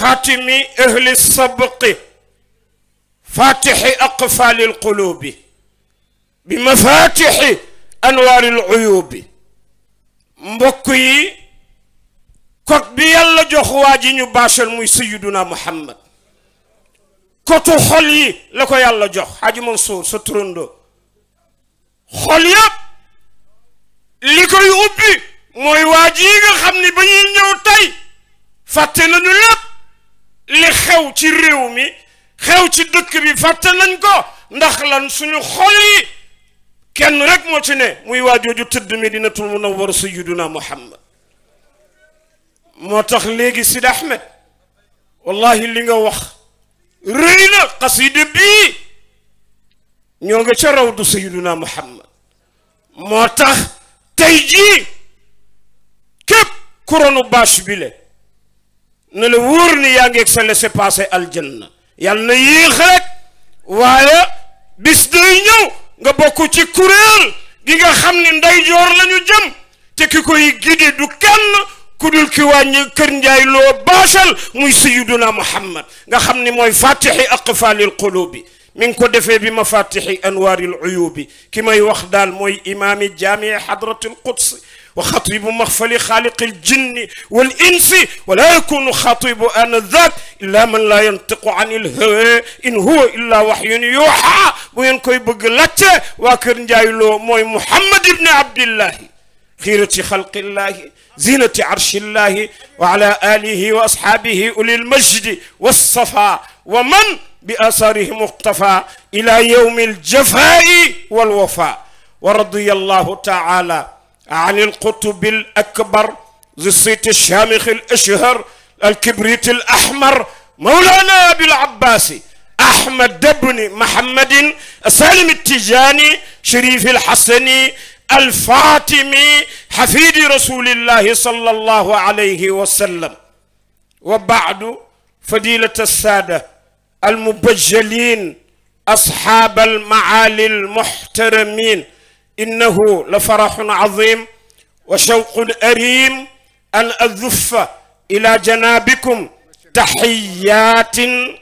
خاتم أهل السبق فاتح أقفال القلوب بمفاتح أنوار العيوب مبكي كوك بي يالا جوخ واجي ني باشال موي سيدنا محمد كوتو خول لاكو يالا جوخ حاج منصور ستروندو خول ياب ليكوي اوبي موي واجي nga xamni نيو تاي فاتي fatte nañu li xew ci réew mi xew ci dëkk bi fàtte nañ ko ndax lan suñu xol yi kenn rek moo ci ne muy waa jooju tëdd medinatul munawwar sayyiduna muhammad moo tax léegi sid ahmed wallahi li nga wax rëy na xasida bii ñoo nga ca rawdu sayyiduna muhammad moo tax tey jii képp kuronu bâche bi le ne le wour ni yaa ngi ak sa laissez-passer janna yàlla na yéex rek waaye bis day ñëw nga bokku ci kuréel gi nga xamni nday jor lañu jëm te kiko yi gidi du kenn kudul ki wàññi keur njaay lo baasal muy sayyiduna muhammad nga xamni moy fatihi aqfalil qulub qulubi mi ngi ko defee bi mafatixi anwaaril uyubi ki may wax daal mooy imaami jaamii hadratul quds وخطيب مغفل خالق الجن والإنس ولا يكون خطيب آنذاك إلا من لا ينطق عن الهوى إن هو إلا وحي يوحى وين كوي بقلت واكر جايلو موي محمد بن عبد الله خيرة خلق الله زينة عرش الله وعلى آله وأصحابه أولي المجد والصفا ومن بأثاره مقتفى إلى يوم الجفاء والوفاء ورضي الله تعالى علي القطب الأكبر ذي الصيت الشامخ الأشهر الكبريت الأحمر مولانا أبي العباس أحمد بن محمد سالم التجاني شريف الحسني الفاطمي حفيد رسول الله صلى الله عليه وسلم وبعد فضيلة السادة المبجلين أصحاب المعالي المحترمين إنه لفرح عظيم وشوق أريم أن أذف إلى جنابكم تحيات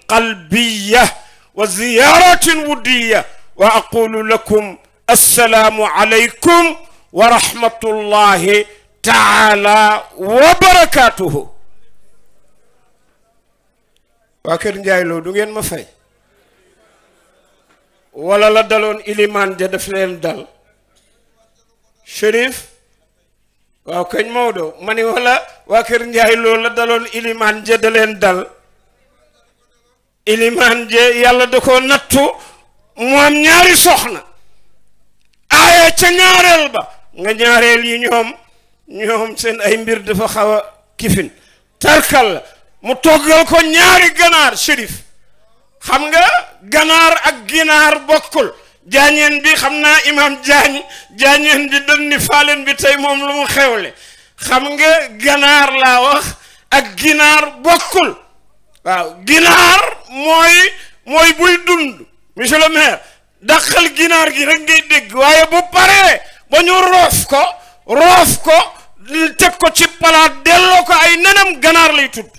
قلبية وزيارة ودية وأقول لكم السلام عليكم ورحمة الله تعالى وبركاته وكن جايلو دوغين ما فاي ولا لا دالون إليمان جا داف دال Chérif waaw kañ Maodo ma ni wala waa kër Njaay loolu la daloon ilimaan ja da dal ilimaan ja yàlla da ko nattu mu am ñaari soxna aaya ca ñaareel ba nga ñaareel yi ñoom ñoom seen ay mbir dafa xaw a kifin tarkal la mu toggal ko ñaari ganaar Chérif xam nga ganaar ak ginaar bokkul jaañeen bi xam naa imam jaañ jaañeen bi doon ni bi tey moom lu mu xewle xam nga ganaar laa wax ak ginaar bokkul waaw ginaar mooy mooy buy dund monsieur maire dàqal ginaar gi rek ngay dégg waaye bu paree ba ñu roof ko roof ko teg ko ci palaat delloo ko ay nenam ganaar lay tudd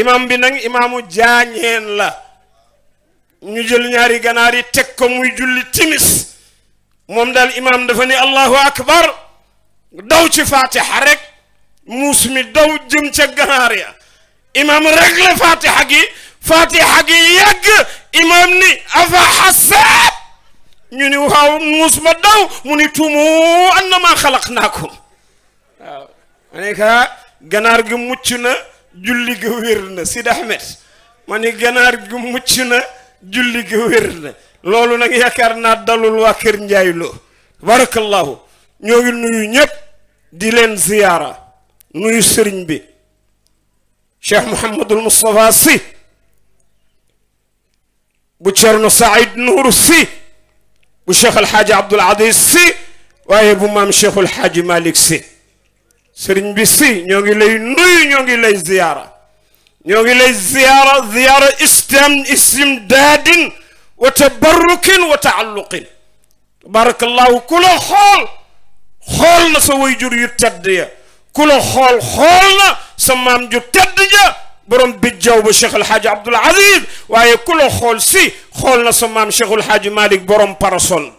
imam bi nag imaamu jaañeen la ñu jël ñaari ganaar yi teg ko muy julli timis moom daal imaam dafa ni allahu akbar daw ci fatiha rek muus mi daw jëm ca ganaar ya imaam rek la fatiha gi fatiha gi yàgg imaam ni afa xasab ñu ni waaw muus ma daw mu ni tumu annama xalaqnaakum waaw ma ne ka ganaar gi mucc na julli ga wér na Sidi Ahmed ma ni ganaar gi mucc na julli gi wér na loolu nag yaakaar naa dalul waa kër Njaay Lo barakallahu ñoo ngi nuyu ñépp di leen ziyaara nuyu sëriñ bi cheikh Mouhamadul Moustapha Sy bu Cerno Saïd Nuuru Sy bu cheikh alxaaji Abdul Aziz Sy waaye bu maam cheikhul xaaji Malick Sy sëriñ bi Sy ñoo ngi lay nuyu ñoo ngi lay ziyaara نيوغي لي زيارة زيارة استم اسم داد وتبرك وتعلق بارك الله كل خول خول نسوي جور يتدي كل خول خول سمام جو تدي برم بجاو بشيخ الحاج عبد العزيز واي كل خول سي خول نسمام شيخ الحاج مالك برم بارسون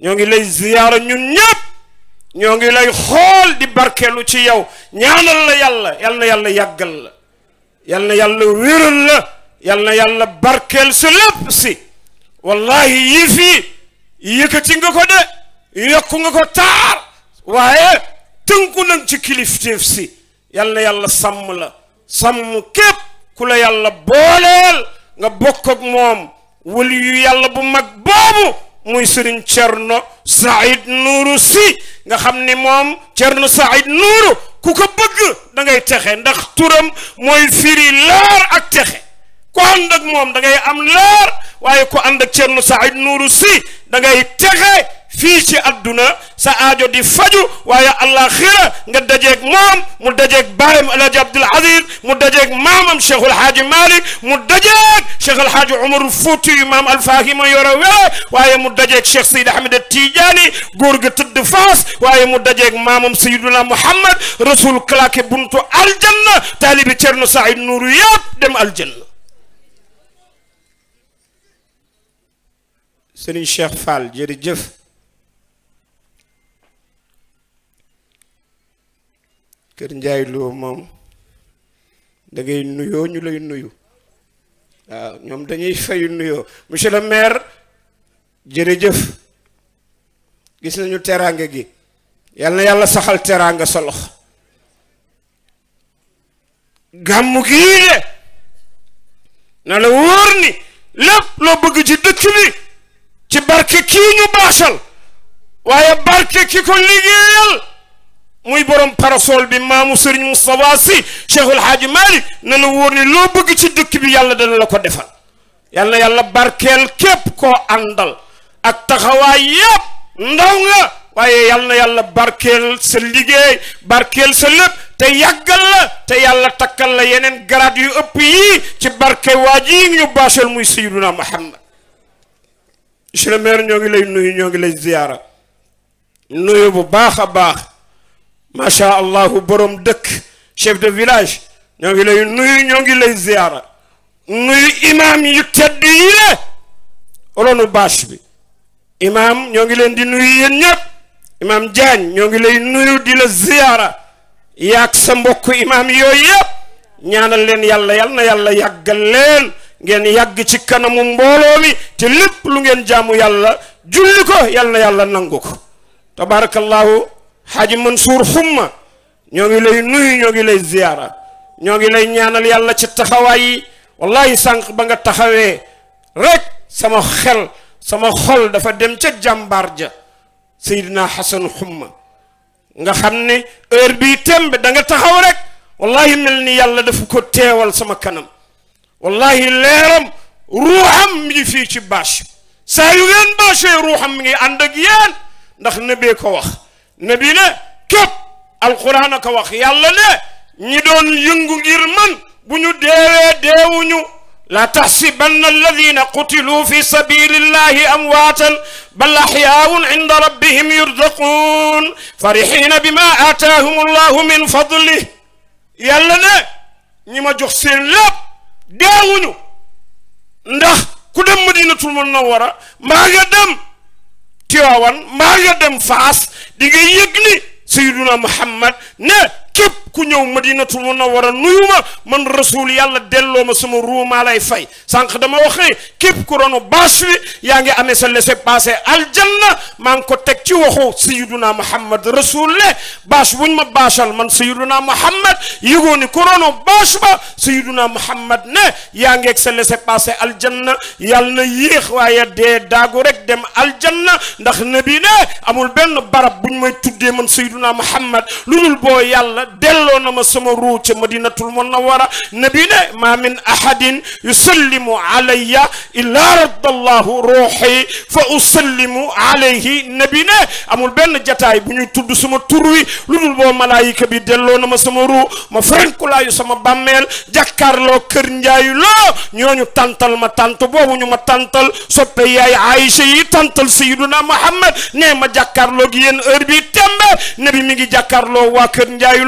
نيوغي لي زيارة نيوغي نيب نيوغي لي خول دي بركة لوتي يو نيانا يالا يالا يالا يالا يالا yal na yàlla wéral la yal na yàlla barkeel su lépp si wallahi yii fii nga ko de yokku nga ko taar waaye tënku nañ ci kilifteef si yal na yàlla sàmm la sàmm képp ku la booleel nga bokk moom wëli yu yàlla bu mag boobu muy sëriñ Cerno Saïd Nuuru si nga xam ni moom Cerno Saïd Nuuru ku ko bëgg da ngay texe ndax turam mooy firi leer ak texe ku ànd ak moom da ngay am leer waaye ku ànd ak Thierno Saïd Nourou Sy da ngay texe fii ci adduna sa aajo di faju waaye àllaaxira nga dajeeg moom mu dajeeg baayam El Hadj Abdoul Aziz mu dajeeg maamam Cheikh El Hadj Malick mu dajeeg Cheikh El Hadj Omarou Foutiyou maam Alfahima yore wele waaye mu dajeeg Cheikh Seydi Ahmed Tidiane góor ga tëdd Faas waaye mu dajeeg maamam Seydina Mouhamed rasul claqué buntu aljanna taalibi Thierno Saïd Nourou yëpp dem aljanna. Serigne Cheikh Fall jërëjëf kër Njaay Lo moom da nuyoo ñu lay nuyu waaw ñoom dañuy fayu nuyoo monsieur le maire jërëjëf gis nañu teraanga gi yal na yàlla saxal teraanga sa lox gàmmu gii de na la wóor ni lépp loo bëgg ci dëkk bi ci barke kii ñu waaye barke ki ko liggéeyal muy borom parasol bi maamu Serigne Moustapha Sy Cheikhul Hadji Malick na la wóor ni loo bëgg ci dëkk bi yàlla dana la ko defal yal na yàlla barkeel képp koo àndal ak taxawaay ndaw nga waaye yal na yàlla barkeel sa liggéey barkeel sa lépp te yàggal te yàlla takkal la yeneen garaat yu ëpp yii ci barke waa ji ñu baasal muy Seyduna Muhammad monsieur le maire ñoo ngi lay nuyu ñoo ngi lay ziyaara nuyu bu baax a baax macha allahu borom dëkk chef de village ñoo ngi lay nuyu ñoo ngi lay ziyaara nuyu imaam yu tedd yi le olonu bâche bi imaam ñoo ngi leen di nuyu yéen ñëpp imaam Diagne ñoo ngi lay nuyu di la ziyaara yaag sa mbokk imaam yooyu yëpp ñaanal leen yàlla yal na yàlla yàggal leen ngeen yàgg ci kanamu mbolo mi te lepp lu ngeen jaamu yalla julli ko yalla yalla nanguko tabarakallahu haji mansur humma ñogi lay nuy ñogi lay ziyara ñogi lay ñaanal yalla ci taxaway wallahi sank ba nga taxawé rek sama xel sama xol dafa dem ci jambar ja sayyidina hasan humma nga xamne heure bi tembe da nga taxaw rek wallahi melni yalla dafa ko teewal sama kanam والله ليرم روحم مجي في باش سايوين باش روحم مجي عندك يان نخ نبي كوخ نبينا كب القران كوخ يالله ني ني دون يونغو غير من بونو ديو ديو نيو لا تحسبن الذين قتلوا في سبيل الله امواتا بل احياء عند ربهم يرزقون فرحين بما اتاهم الله من فضله يالله ني ما جوخ سين لب deewuñu ndax ku dem madinatul munawwara maa nga dem Tiwaawan maa nga dem Faas di nga yëg ni Muhammad ne képp ku ñëw madinatul munawwara nuyu ma man rasul yàlla delloo ma sama ruumaa lay fay sànq dama wax ne képp ku ronu bâche bi yaa ngi amee sa laissez-passer aljanna maa ngi ko teg ci waxu sayiduna muhammad rasul le bâche buñ ma bâchal man sayiduna muhammad yëgoo ni ku ronu bâche ba sayiduna muhammad ne yaa ngi ak sa laissez-passer aljanna yàlla na yéex waaye dee daagu rek dem aljanna ndax nabi ne amul benn barab buñ may tuddee man sayiduna muhammad lu dul boo yàlla yàlla delloo na ma sama ruu ca madinatul munawwara nabi ne ma min ahadin yusallimu alayya illa raddallahu ruuxi fa usallimu alayhi nabi ne amul benn jataay bu ñuy tudd sama tur wi lu dul boo malaayika na ma sama ruu ma farankulaayu sama bàmmeel jàkkaarloo kër njaayu loo ñooñu tàntal ma tànt boobu ñu ma tàntal soppe yaay Aïcha yi tàntal sayyiduna Muhammad ne ma jàkkaarloo gi yéen heure bi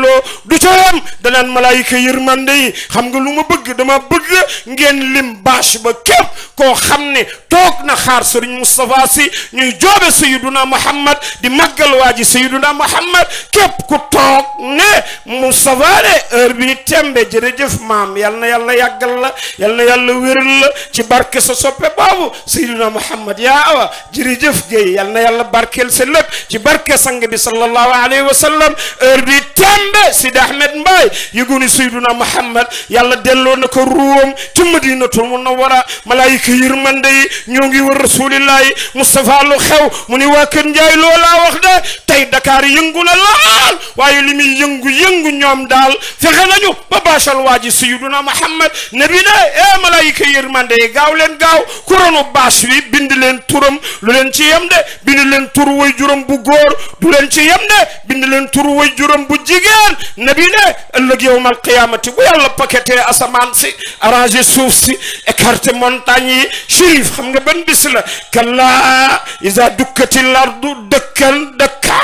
doyloo du ca yam danaan malaayika yërmande yi xam nga lu ma bëgg dama bëgg ngeen lim bâche ba képp ko xam ne toog na xaar sëriñ Moustapha si ñuy joobe sayiduna Muhammad di màggal waa ji sayiduna Muhammad képp ku toog ne Moustapha de heure bi tembe jërëjëf maam yal na yàlla yàggal la yal na yàlla wéral ci barke soppe baabu sayiduna Muhammad yaa awa jërëjëf géey yal na yàlla barkeel sa ci barke sang bi sallallahu alayhi wa sallam heure bi tembe de Sidi Ahmed Mbaye yëgooni sayyiduna Muhammad yàlla delloo nako ko ruwam ci Madinatul Munawwara malaayika yërmande yi ñoo ngi rasulillahi Mustafa lu xew muni wa waa kër Njaay wax de tey Dakar yëngu na lool waaye li muy yëngu-yëngu ñoom daal a nañu ba baachal waa ji suyiduna Muhammad nabi ne e malaayika yërmande yi gaaw leen gaaw kuronu bâche bi bind leen turam lu leen ci yem de bind leen tur way juróom bu góor du leen ci yem bi bind leen tur way juróom bu jigéen nabi ne ëllëg yowmal qiyaamati bu yàlla paqueté asamaan si arrangé suuf si écarté montagne yi chérif xam nga benn bis la kallaa iza dukkati lardu dëkkan dëkka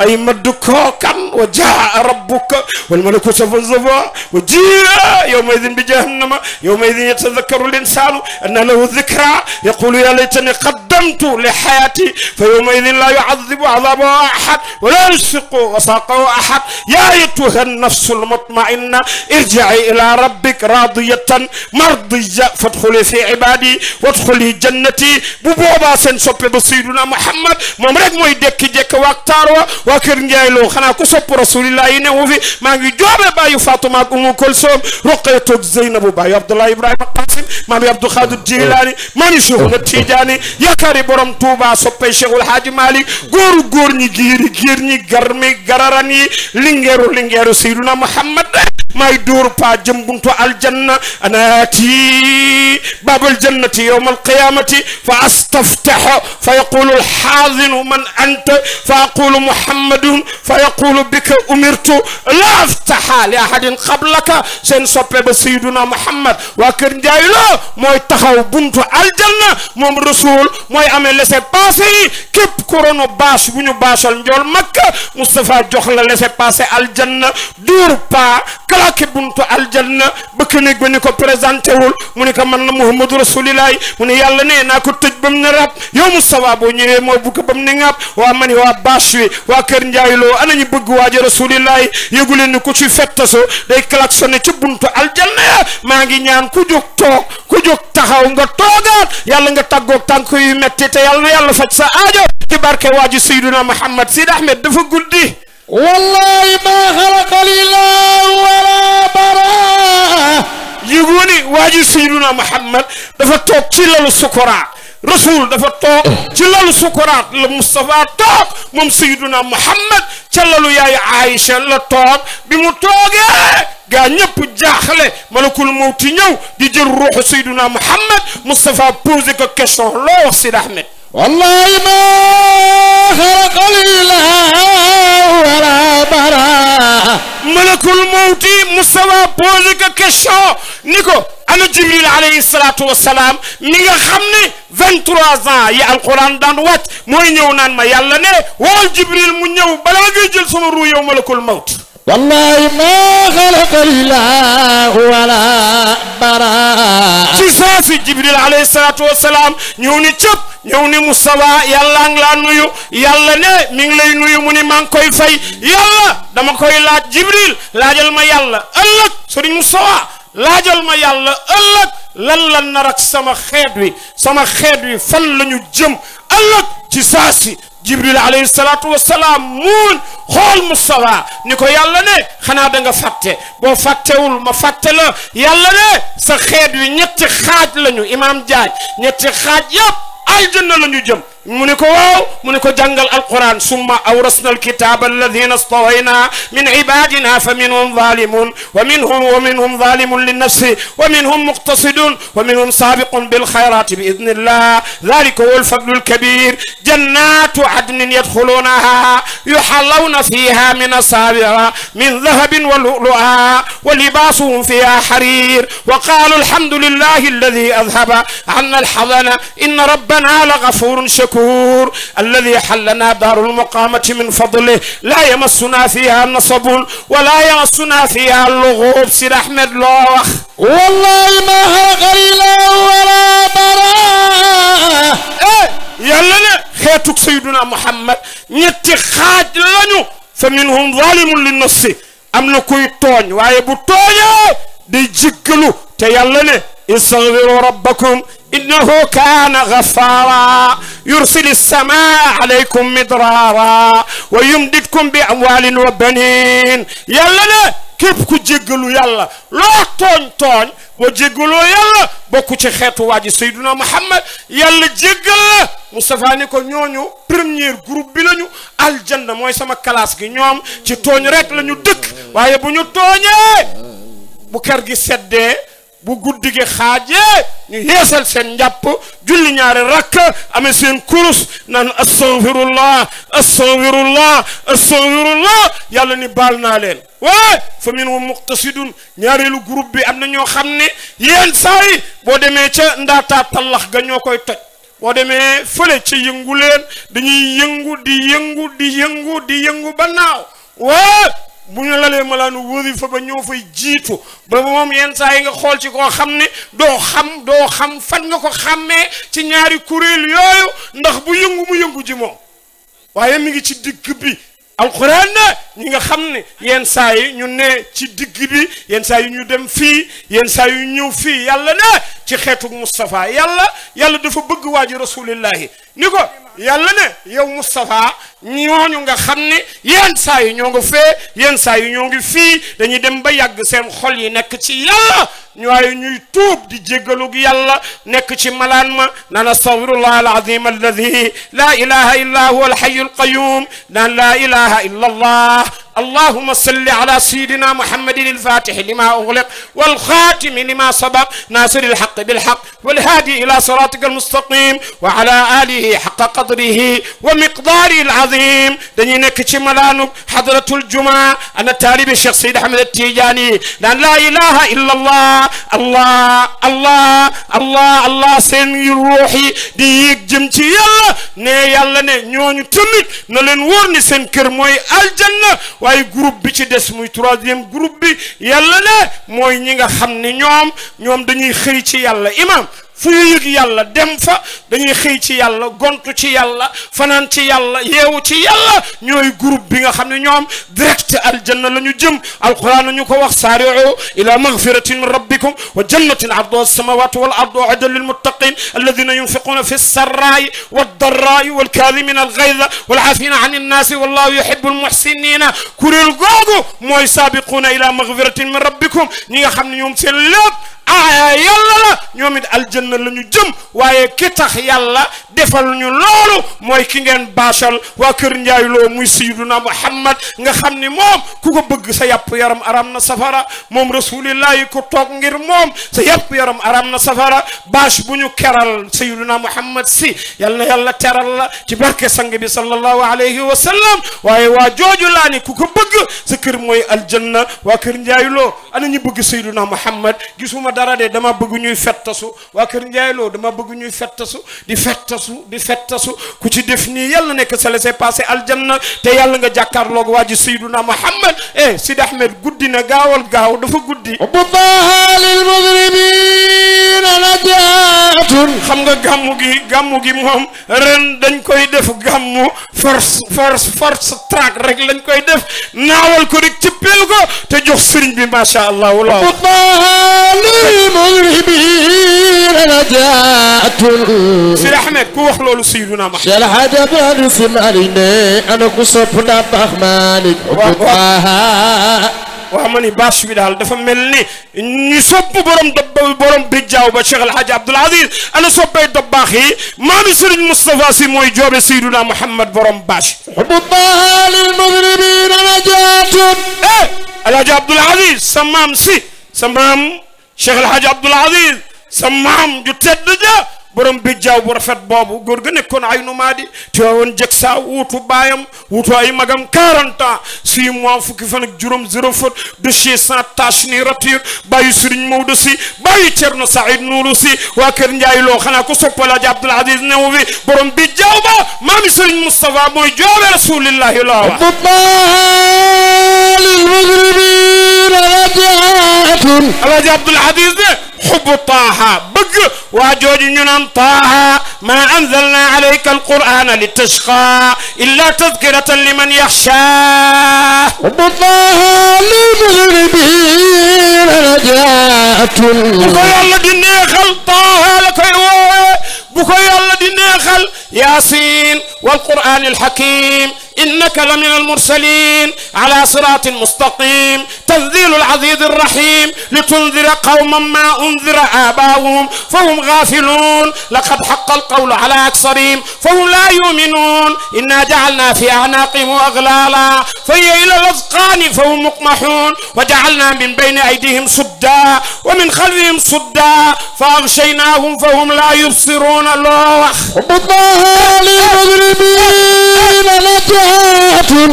أي مدك كان وجاء ربك والملك صفا وجاء وجيء يومئذ بجهنم يومئذ يتذكر الإنسان أن له ذكرى يقول يا ليتني قدمت لحياتي فيومئذ لا يعذب عذابه أحد ولا يلصق وساقه أحد يا أيتها النفس المطمئنة ارجعي إلى ربك راضية مرضية فادخلي في عبادي وادخلي جنتي ببوبا سن سوبي سيدنا محمد ممرك مويدك ديك ديك waa kër Ndiaye Lo xanaa ku sopp rasulillah yi newu fi maa ngi joobe bàyyu Fatuma ak Umu Kulsoom Ruqayatu Zeynabu bàyyu Abdoulaye Ibrahima Qasim maam yi Abdou Khadir Jilaani maam yi Cheikhuna Tijaani yaakaari borom Touba soppee Cheikhul Haaji Malik góoru góor ñi giiri giir ñi garmi gararan yi lingeeru lingeeru Seyduna Muhammad may dóor paa jëm buntu aljanna anaati baabal jannati yowma alqiyamati fa astaftaxo fa yaqulu alxaadinu man anta fa aqulu muhammadun fa yaqulu bika umirtu la aftaxa li ahadin qablaka seen soppe ba sayduna muhammad waa kër njaay loo mooy taxaw buntu aljanna moom rasul mooy amee laissez-passer yi képp korono bâche bu ñu bâchal njool makka moustapha jox la laissez-passer aljanna dóor paa kalaake buntu aljanna bëkk néeg ba ni ko présenté wul mu ni ko man na muhammadu rasulillahi mu ni yàlla nee naa ko tëj ba mu ne rab yow mu sawa boo ñëwee moo bugg ba mu ne ŋàpp waa mani waa bâche wi waa kër njaayloo ana ñu bëgg waaji rasulillahi yëgu leen ni ku ci fettaso day klaxonné ci buntu aljanna ya maa ngi ñaan ku jóg toog ku jóg taxaw nga toogaat yàlla nga tàggoog tànk yu metti yàlla yàlla faj sa aajo ci barke waaji sayduna muhammad sid ahmed dafa guddi والله ما خلق الله ولا براء يقولي واجي سيدنا محمد دفتوك تشلل السكراء رسول دفا توك السكراء المصطفى توك مم سيدنا محمد جلالو يا عائشة لا توك بمو توغي جاخله ملك الموت نيو دي جل روح سيدنا محمد مصطفى بوزيك كو كيشن لو سيد احمد والله ما خلق الإله ولا برا ملك الموت مستوى بوزك كشو نيكو أنا جبريل عليه الصلاة والسلام نيغا خمني 23 ans يا القرآن دان وات موي نيو نان ما يالا ني وال جبريل مو نيو بلا غي جيل سما رو يوم ملك الموت والله ما خلق الله ولا برا سي جبريل عليه الصلاة والسلام نيوني تشب ñëw ni Moustapha yàlla ngi laa nuyu yàlla ne mi ngi lay nuyu mu ni maa ngi koy fay yàlla dama koy laaj Jibril laajal ma yàlla ëllëg sëriñ Moustapha laajal ma yàlla ëllëg lan lan nar sama xeet wi sama xeet wi fan la ñu jëm ëllëg ci saa si جبريل عليه الصلاة والسلام مول خول مصطفى نيكو يالا ني خنا داغا فاتي بو فاتي وول ما فاتي لا يالا ني سا خيت وي نيتي خاج لا نيو امام جاج نيتي خاج ياب الجنه لا نيو جيم منكوا منكوا جنجل القرآن ثم أورسنا الكتاب الذين استوينا من عبادنا فمنهم ظالم ومنهم ومنهم ظالم للنفس ومنهم مقتصد ومنهم سابق بالخيرات بإذن الله ذلك هو الفضل الكبير جنات عدن يدخلونها يحلون فيها من أصابر من ذهب ولؤلؤا ولباسهم فيها حرير وقالوا الحمد لله الذي أذهب عنا الحضن إن ربنا لغفور شكور الشكور الذي حلنا دار المقامة من فضله لا يمسنا فيها النصب ولا يمسنا فيها اللغوب سير أحمد لوخ والله ما هرق الله ولا برا إيه، يلا خيتك سيدنا محمد نيتي خاج لنو فمنهم ظالم للنص am na kuy tooñ waaye bu tooñee di jéggalu te yàlla ne istaghfiru rabbakum يرسل السماء عليكم مدرارا ويمددكم بأموال وبنين يلا لا كيف كجيجلو يلا لا تون تون وجيجلو يلا بكو تخيط واجي سيدنا محمد يلا جيجل مصطفى نيكو نيونيو برمير جروب بلانيو الجنة موي سما كلاس جي نيوم تي تون رك لانيو دك وايه بنيو توني بكر جي سدي bu guddi gi xaajee ñu yeesal seen njàpp julli ñaari rakk amee seen kurus naan astaghfirullah astaghfirullah astaghfirullah yàlla ni baal naa leen waaye fa minhum muqtasidun ñaareelu groupe bi am na ñoo xam ne yéen saa boo demee ca ndaata tallax ga ñoo koy toj boo demee fële ca yëngu leen dañuy yëngu di yëngu di yëngu di yëngu ba naaw waaye bu ñu lalee malaanu wasifa ba ñoo fay jiitu ba mom yeen saa nga xol ci ko xamné do xam do xam fan nga ko xamé ci ñaari kuréel yooyu ndax bu yëngu mu yëngu ji moom waye mi ngi ci digg bi alquran ñi nga xamné yeen yenn ñu ne ci digg bi yeen saa ñu dem fi yeen saa ñu ñëw fi yàlla né ci xeetu mustafa yàlla yàlla dafa bëgg waji rasulillah niko يالا يو مصطفى نيون يونغا خامني يان ساي نيونغو في يان ساي نيونغي في داني ديم با ياغ سين خول يا نيك تي يالا نيواي ني توب دي جيغلوغ يالا نيك تي مالان ما نانا صبر الله العظيم الذي لا اله الا هو الحي القيوم نان لا اله الا الله اللهم صل على سيدنا محمد الفاتح لما أغلق والخاتم لما سبق ناصر الحق بالحق والهادي إلى صراطك المستقيم وعلى آله حق قدره ومقداره العظيم دنينا كتش ملانك حضرة الجمعة أنا تالي الشيخ سيد أحمد التيجاني لأن لا إله إلا الله الله الله الله الله سيني روحي ديك جمتي يلا ني يلا ني نيوني تمت نلن ورني سنكر كرموي الجنة waaye groupe bi ci des muy troisième groupe bi yàlla ne mooy ñi nga xam ni ñoom ñoom dañuy xëy ci yàlla imam fu yàlla dem fa dañuy xëy ci yàlla gontu ci yàlla fanan ci yàlla yewu ci yàlla ñoy groupe bi nga xamni ñom direct aljanna la ñu jëm alquran ñu ko wax sari'u ila maghfiratin min rabbikum wa jannatin arduha as-samawati wal ardu lil muttaqin alladhina yunfiquna fi lsarraai al ghayz wal 'afina 'anil nas wallahu yuhibu muhsinin kuréel gogu moy sabiquna ila maghfiratin min rabbikum ñi nga xamni ñom seen lépp aaya yàlla la ñomit aljanna lañu jëm waye ki tax yàlla defal ñu loolu mooy ki ngeen baasal waa kër Ndiaye Lo muy Sayyiduna Muhammad nga xam ni moom ku ko bëgg sa yàpp yaram aram na safara moom rasulillahi ko toog ngir moom sa yàpp yaram aram na safara bâche bu ñu keral Sayyiduna Muhammad si yal na yàlla teral la ci barke sang bi sallallahu alayhi wa sallam waaye waa jooju laa ni ku ko bëgg sa kër mooy aljanna waa kër Ndiaye Lo ana ñi bëgg Sayyiduna Muhammad gisuma dara de dama bëgg ñuy fettasu waa kër Ndiaye dama bëgg ñuy di fettasu fasu di fettasu ku ci def nii yàlla nekk sa laissez-passer aljanna te yàlla nga jàkkaarloog waa ji sayyiduna Muhammad eh Sidi Ahmed guddi na gaawal gaaw dafa guddi xam nga gàmmu gi gàmmu gi moom ren dañ koy def gàmmu force force force track rek lañ koy def naawal ko rek ci pel ko te jox sëriñ bi macha allah wala Sidi Ahmed ku wax loolu sayyiduna Muhammad Cheikh Hadj Abdou Finali ne ana ku sopp na baax Malick wax ma ni bâche bi daal dafa mel ni ñu sopp borom dob borom bijjaaw ba Cheikh El Hadj Abdoul Aziz ana soppay dob baax yi maami Serigne Moustapha si mooy joobe Seydouna Mouhamed borom bâche. bu baax lil mugrimin ana jaatun. eh El Hadj Abdoul Aziz sa maam si sa maam Cheikh El Hadj Abdoul Aziz sa maam ju tedd ja. borom bi jaw bu rafet bobu gor gu nekkon ay nu maa di teewoon jëg saa wuutu baayam ay magam 40 ans six mo fukki fan ak juróom zéro de chez sa tache ni rature bayu serigne mawdou si bayu cherno Saïd nourou si wa keur Njaay lo xana ko ja Abdul Aziz new bi borom bijjaaw ba maami Sëriñ Moustapha mooy joobe rasulillahi laawa lilmujrimina rajaatun alaaji Abdul Aziz حب طه بق واجوج ننام طه ما أنزلنا عليك القرآن لتشقى إلا تذكرة لمن يخشى حب طه للمذنبين رجعت بقى يلا ديني خل طه لك بقى يلا ديني خل ياسين والقرآن الحكيم إنك لمن المرسلين على صراط مستقيم تنزيل العزيز الرحيم لتنذر قوما ما أنذر آباؤهم فهم غافلون لقد حق القول على أكثرهم فهم لا يؤمنون إنا جعلنا في أعناقهم أغلالا فهي إلى الأذقان فهم مقمحون وجعلنا من بين أيديهم سدا ومن خلفهم سدا فأغشيناهم فهم لا يبصرون الله ربطناها للمجرمين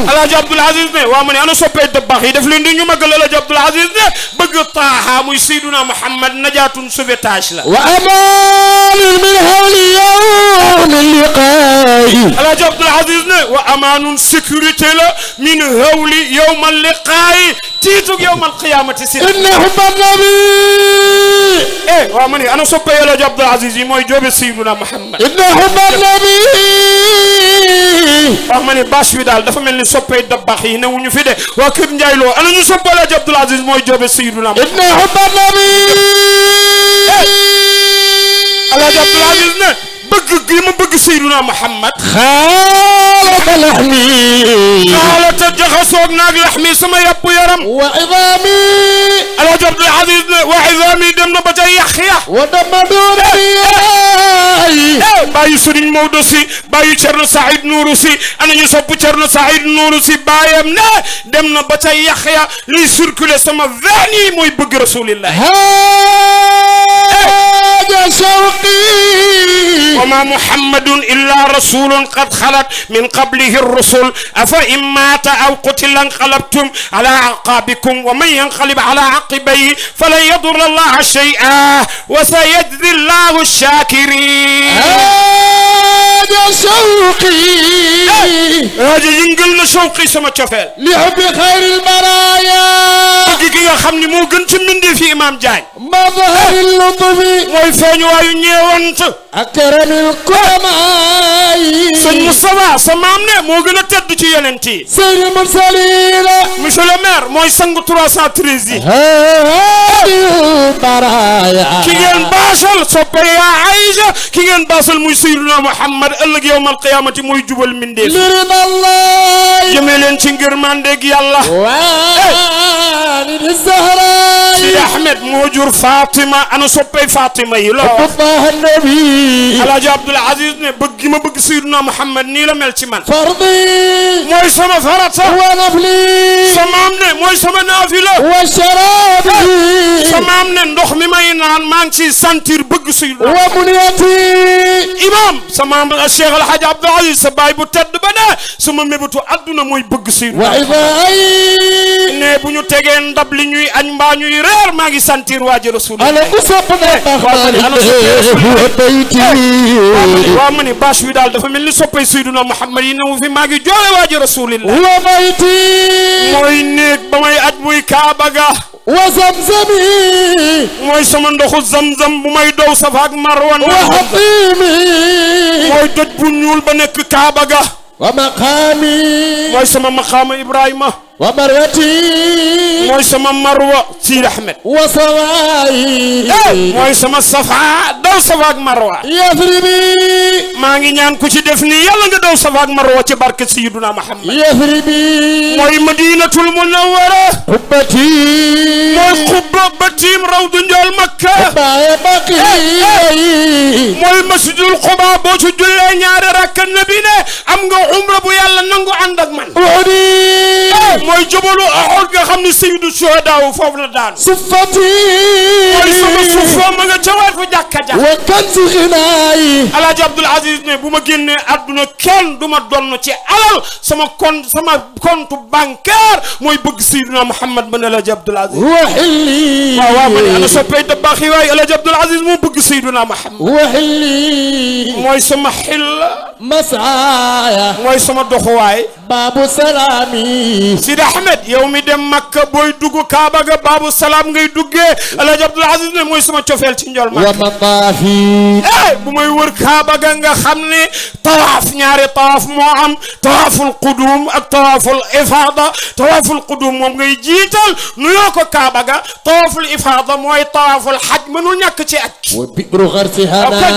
alaaji Abdoul Aziz ne waa ma ne ana soppee dabaax yi def leen di ñu magal alaaji Abdoul Aziz ne bëgg taaxa muy Seyduna Muhammad najaatun sauvetage la wa amaanun min hawli yawmi liqaayi alaaji Abdoul Aziz ne wa amaanun sécurité la min hawli yawma liqaayi tiitug yawmal qiyaamati si innahu nabi eh waa ma ne ana soppee alaaji Abdoul Aziz yi mooy joobe Seyduna Muhammad innahu nabi yi wax ma ne bâche bi daal dafa mel ni soppee dabax yi newuñu fi de waa kër Ndiaye Lo ana ñu soppee Alaaji Abdoul Aziz mooy joobe Seydina ibn Hubban Nabi eh! ne bëgg gi mu bëgg Seydina Muhammad xaalata laxmi xaalata jaxasoog naag laxmi sama yàpp yaram wa idaami alhaji Abdul Aziz wa idaami dem na ba ca yàq ya wa dama doonay bàyyi Sëriñ Maodo si bàyyi Cerno Saïd Nuuru si ana ñu sopp Cerno Saïd Nuuru si bàyyam ne dem na ba ca yàq ya liy circulé sama veine yi mooy bëgg rasulillah محمد إلا رسول قد خلت من قبله الرسل أفإن مات أو قتل انقلبتم على أعقابكم ومن ينقلب على عقبيه فلن يضر الله شيئا وسيجزي الله الشاكرين هذا شوقي هذا ينقلنا شوقي سما تشوفيل لحب خير المرايا يا خمني مو كنت من دي في إمام جاي مظهر اللطف موي فين وايو نيوانت أكرم القدماء سن مصطفى سمام نه مو گنا تد چي يوننتي سيد المرسلين monsieur le maire mooy sangu 313 yi baraaya ki ngeen baasal soppe yaa Aïcha ki ngeen baasal muy Seydina Muhammad ëllëg yawmal qiyaamati mooy jubal mindee lirinallah jëmee leen ci ngir mandeeg yàlla walid zahra Sidi Ahmed moo jur Fatima ana soppey Fatima yi lo Abdoul Aziz ne bëgg gi ma bëgg Seydina Muhammad nii la mel ci man. fardi mooy sama farata. wa nafli sama am ne mooy sama naafila. wa sharabi sama am ne ndox mi may naan maa ngi ciy sentir bëgg Seydina. wa muniyati imam sama am Cheikh El Hadj Abdoul Aziz sa baay bu tedd ba ne sama mébétu àdduna mooy bëgg Seydina. wa ibaay ne bu ñu tegee ndab li ñuy añ mbaa ñuy reer maa ngi sentir waa ji Rasulullah. ala usab na tax waa ma ne bâche bi daal dafa mel ni soppay Seydina Muhammad yi newu fi maa ngi joole waaji rasulillah wa bayti mooy néeg ba may aj muy Kaaba ga wa zamzami mooy sama ndoxu zamzam bu may dow safaak marwa wa xatimi mooy doj bu ñuul ba nekk Kaaba wa maqaami mooy sama maqaama Ibrahima. wa marwati. mooy sama marwa Sidi Ahmed. wa sawaayi. mooy sama safa daw safa ak marwa. yasribi. maa ngi ñaan ku ci def nii yàlla nga daw safa ak marwa ci barke Sayyiduna Muhammad. yasribi. mooy madinatul munawwara. xubbati. mooy xubba batim rawdu njool makka. baaye baqi. mooy masjidul Quba boo ci jullee ñaari rakk nabi ne am nga. umra bu yàlla nangu ànd ak man. uhud. mooy jubalu Uhud nga xam ni sayyidu shuhadaa foofu la daanu. suufati. mooy sama suufoo ma nga ca wetu jàkka ja. wa kanzu ghinaay. Alaaji Abdul Aziz ne bu ma génnee àdduna kenn du ma donn ci alal sama compte sama compte bancaire mooy bëgg Seydina Muhammad man Alaaji Abdul Aziz. wa xilli. waaw waaw man ana soppay da baax yi waaye Alaaji Abdul Aziz moo bëgg Seydina Muhammad. wa xilli. mooy sama xilla. masaaya. moy sama doxu way babu salami sid Ahmed yow mi dem Makka boy duggu Kaaba ga babu salam ngay duggé alhaj abdul Aziz ne moy sama tiofel ci njol ma wa mataafi. eh bu may wër Kaaba ga nga xamné tawaf ñaari tawaf mo am tawaaful qudum ak tawaaful ifaada tawaaful qudum mom ngay jital nuyo ko Kaaba ga tawaaful ifaada mooy tawaaful hajj mënul ñak ci ak wa bi ru xarsi hada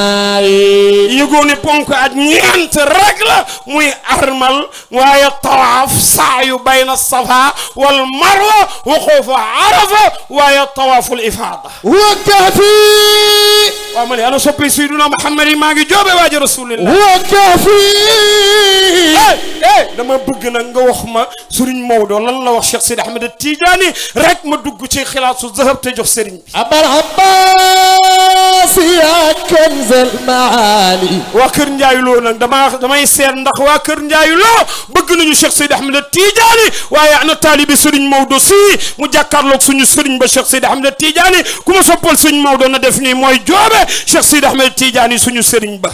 yëgoo ne ponk ak ñent rek la muy. mooy armal waaye tawaaf saayu bayna safa wal marwa wuquufu arafa waaye tawaaful ifaada wa kafi ومن أنا صبي سيدنا محمد ما جواب واجه رسول الله هو كافي إيه إيه لما بقنا نجوخما سرين مود ولا الله وشيخ سيد أحمد التيجاني رك مدوق شيء خلاص الذهب تجف سرين أبا العباس يا كنز المعالي وكرن جايلو دما دما يسير ندخ وكرن جايلو بقنا شيخ سيد أحمد التيجاني ويا أنا طالب سرين مود سي مجاكر لك سني سرين بشيخ سيد أحمد التيجاني كم صبول سرين مود أنا دفني موي جوابه Cheikh Sid Ahmed Tidiane suñu sëriñ ba.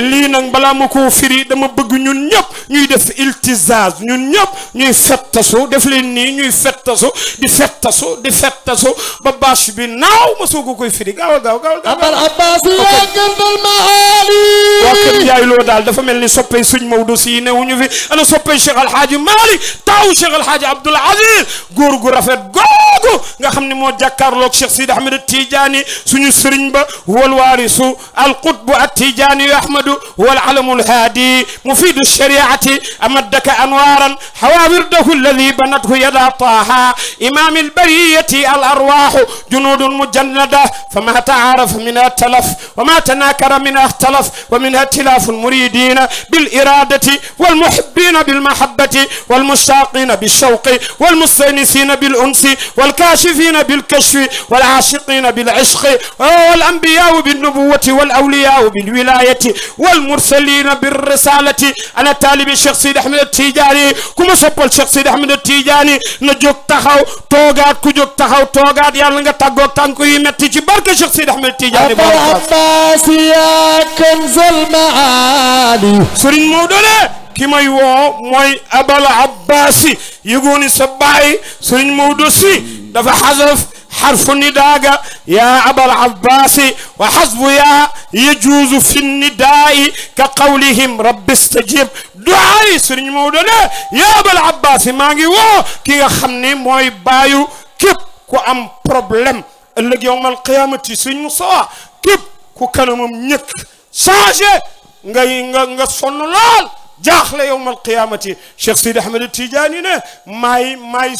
li nak bala ma koo firi dama bëgg ñun ñëpp ñuy def iltizaz ñun ñëpp ñuy fettaso def leen ni ñuy fettaso di fettaso di fettaso ba bash bi naaw ma soko koy firi gaawal gaaw gaawal abal abbas yàggal maali waa kër yaay loo daal dafa melni ni soppey suñ Maodo si ñu fi ana soppey Cheikh al Alhaaji mali taw Cheikh al Alhaaji abdul Aziz gor gu rafet gogu nga xamni mo jakarlo jàkkaarloog Cheikh sid Ahmed Tidiane suñu serigne ba wal warisu al qutb at Tidiane Ahmed أحمد هو العلم الهادي مفيد الشريعة أمدك أنوارا حواورده الذي بنته يدا طه إمام البرية الأرواح جنود مجندة فما تعرف من التلف وما تناكر من اختلف ومنها اتلاف المريدين بالإرادة والمحبين بالمحبة والمشاقين بالشوق والمستأنسين بالأنس والكاشفين بالكشف والعاشقين بالعشق والأنبياء بالنبوة والأولياء بالولاية والمرسلين بالرسالة أنا تالي الشيخ سيد أحمد التيجاني كما سبل الشيخ سيد أحمد التيجاني نجوك تخاو توغات كجوك تخاو توغات يالا نغا تغوك تنكو يمتي جي بارك الشيخ سيد أحمد التيجاني أبا عباس يا كنز المعالي سرين مودولي كما may woo mooy abal يقولي yëgooni sa baay sëriñ Maodo si حرف النداء يا أبا العباس وحسب يا يجوز في النداء كقولهم رب استجب دعاي سرين مودنا يا أبا العباس ما وو كي خمني موي بايو كيب كو أم بروبلم اللي يوم القيامة سرين سوا كيب كو كانم نيك شاجة nga nga nga sonn lool jaaxle yowmal qiyamati cheikh sidi ahmed tidiane ne may may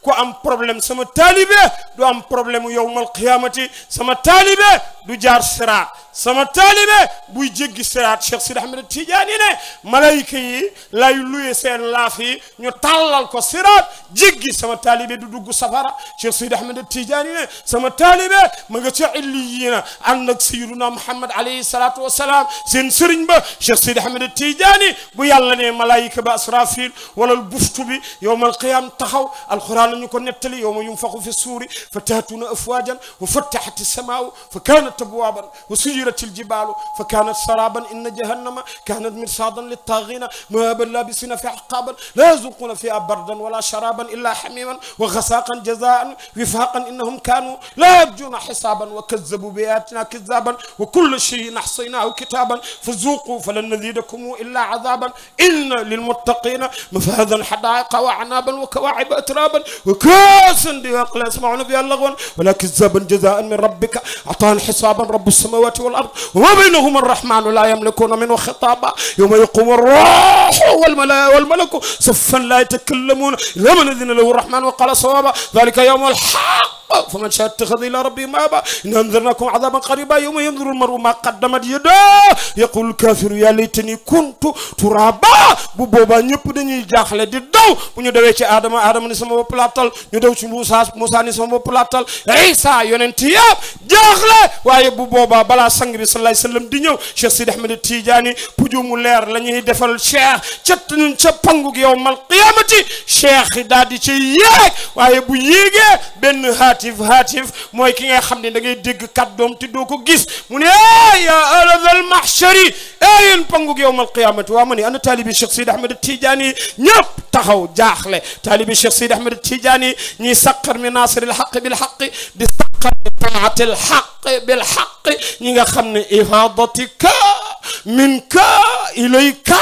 ku am problème sama taalibe du am problème yowmal qiyaamati sama taalibe du jaar sira sama talibé buy jéggi sira Cheikh Sidi Ahmed Tidiane ne malaika yi lay luye sen lafi ñu talal ko sira jéggi sama talibé du dugg safara Cheikh Sidi Ahmed Tidiane ne sama talibé ma nga ca illiyiina ànd ak sayyiduna Muhammad alayhi salatu wassalam sen seen ba Cheikh Sidi Ahmed Tidiane bu yàlla ne malaika ba Asrafil wala buftu bi al qiyam taxaw al qur'an ñu ko nettali yawma yunfaxu fi suri fatatuna afwajan wa fatahat samaau fa kanat أبوابا وسيرت الجبال فكانت سرابا إن جهنم كانت مرصادا للطاغين مهابا لابسين في عقابا لا يذوقون فيها بردا ولا شرابا إلا حميما وغساقا جزاء وفاقا إنهم كانوا لا يرجون حسابا وكذبوا بآياتنا كذابا وكل شيء أحصيناه كتابا فذوقوا فلن نزيدكم إلا عذابا إن للمتقين مفاذا حدائق وعنابا وكواعب أترابا وكاسا دياق لا يسمعون بها اللغوا ولا كذابا جزاء من ربك أعطاهم حسابا أصابا رب السماوات والأرض وبينهما الرحمن لا يملكون منه خطابا يوم يقوم الروح والملك صفا لا يتكلمون لمن أذن له الرحمن وقال صوابا ذلك يوم الحق فمن شاء اتخذ إلى ربه مآبا إن أنذرناكم عذابا قريبا يوم ينظر المرء ما قدمت يداه يقول الكافر يا ليتني كنت ترابا بوبا نيب دي jaaxle di daw bu ñu dawee ci Adama Adama ni sama bopp laa tal ñu daw ci Moussa Moussa ni sama bopp laa tal Isa yonent waaye bu boobaa balaa sang bi sallallahu alayhi di ñëw Cheikh Sidi Ahmed Tidiane puju mu leer la ñuy defal cheikh ca ñun ca pangug yowmal qiyamati cheikh daal di ca yéeg waaye bu yéegee benn haatif haatif mooy ki nga xam ne da ngay dégg kàddoom te doo ko gis mu ne ya alazal mahshari yéen pangug yowmal qiyamati waa ma ne ana taalibi Cheikh Sidi Ahmed Tidiane ñëpp taxaw jaaxle taalibi Cheikh Sidi Ahmed Tidiane ñiy saqar mi nasiril haqq bil haqq di كنطاعة الحق بالحق نيغا خمني إفادتك منك إليك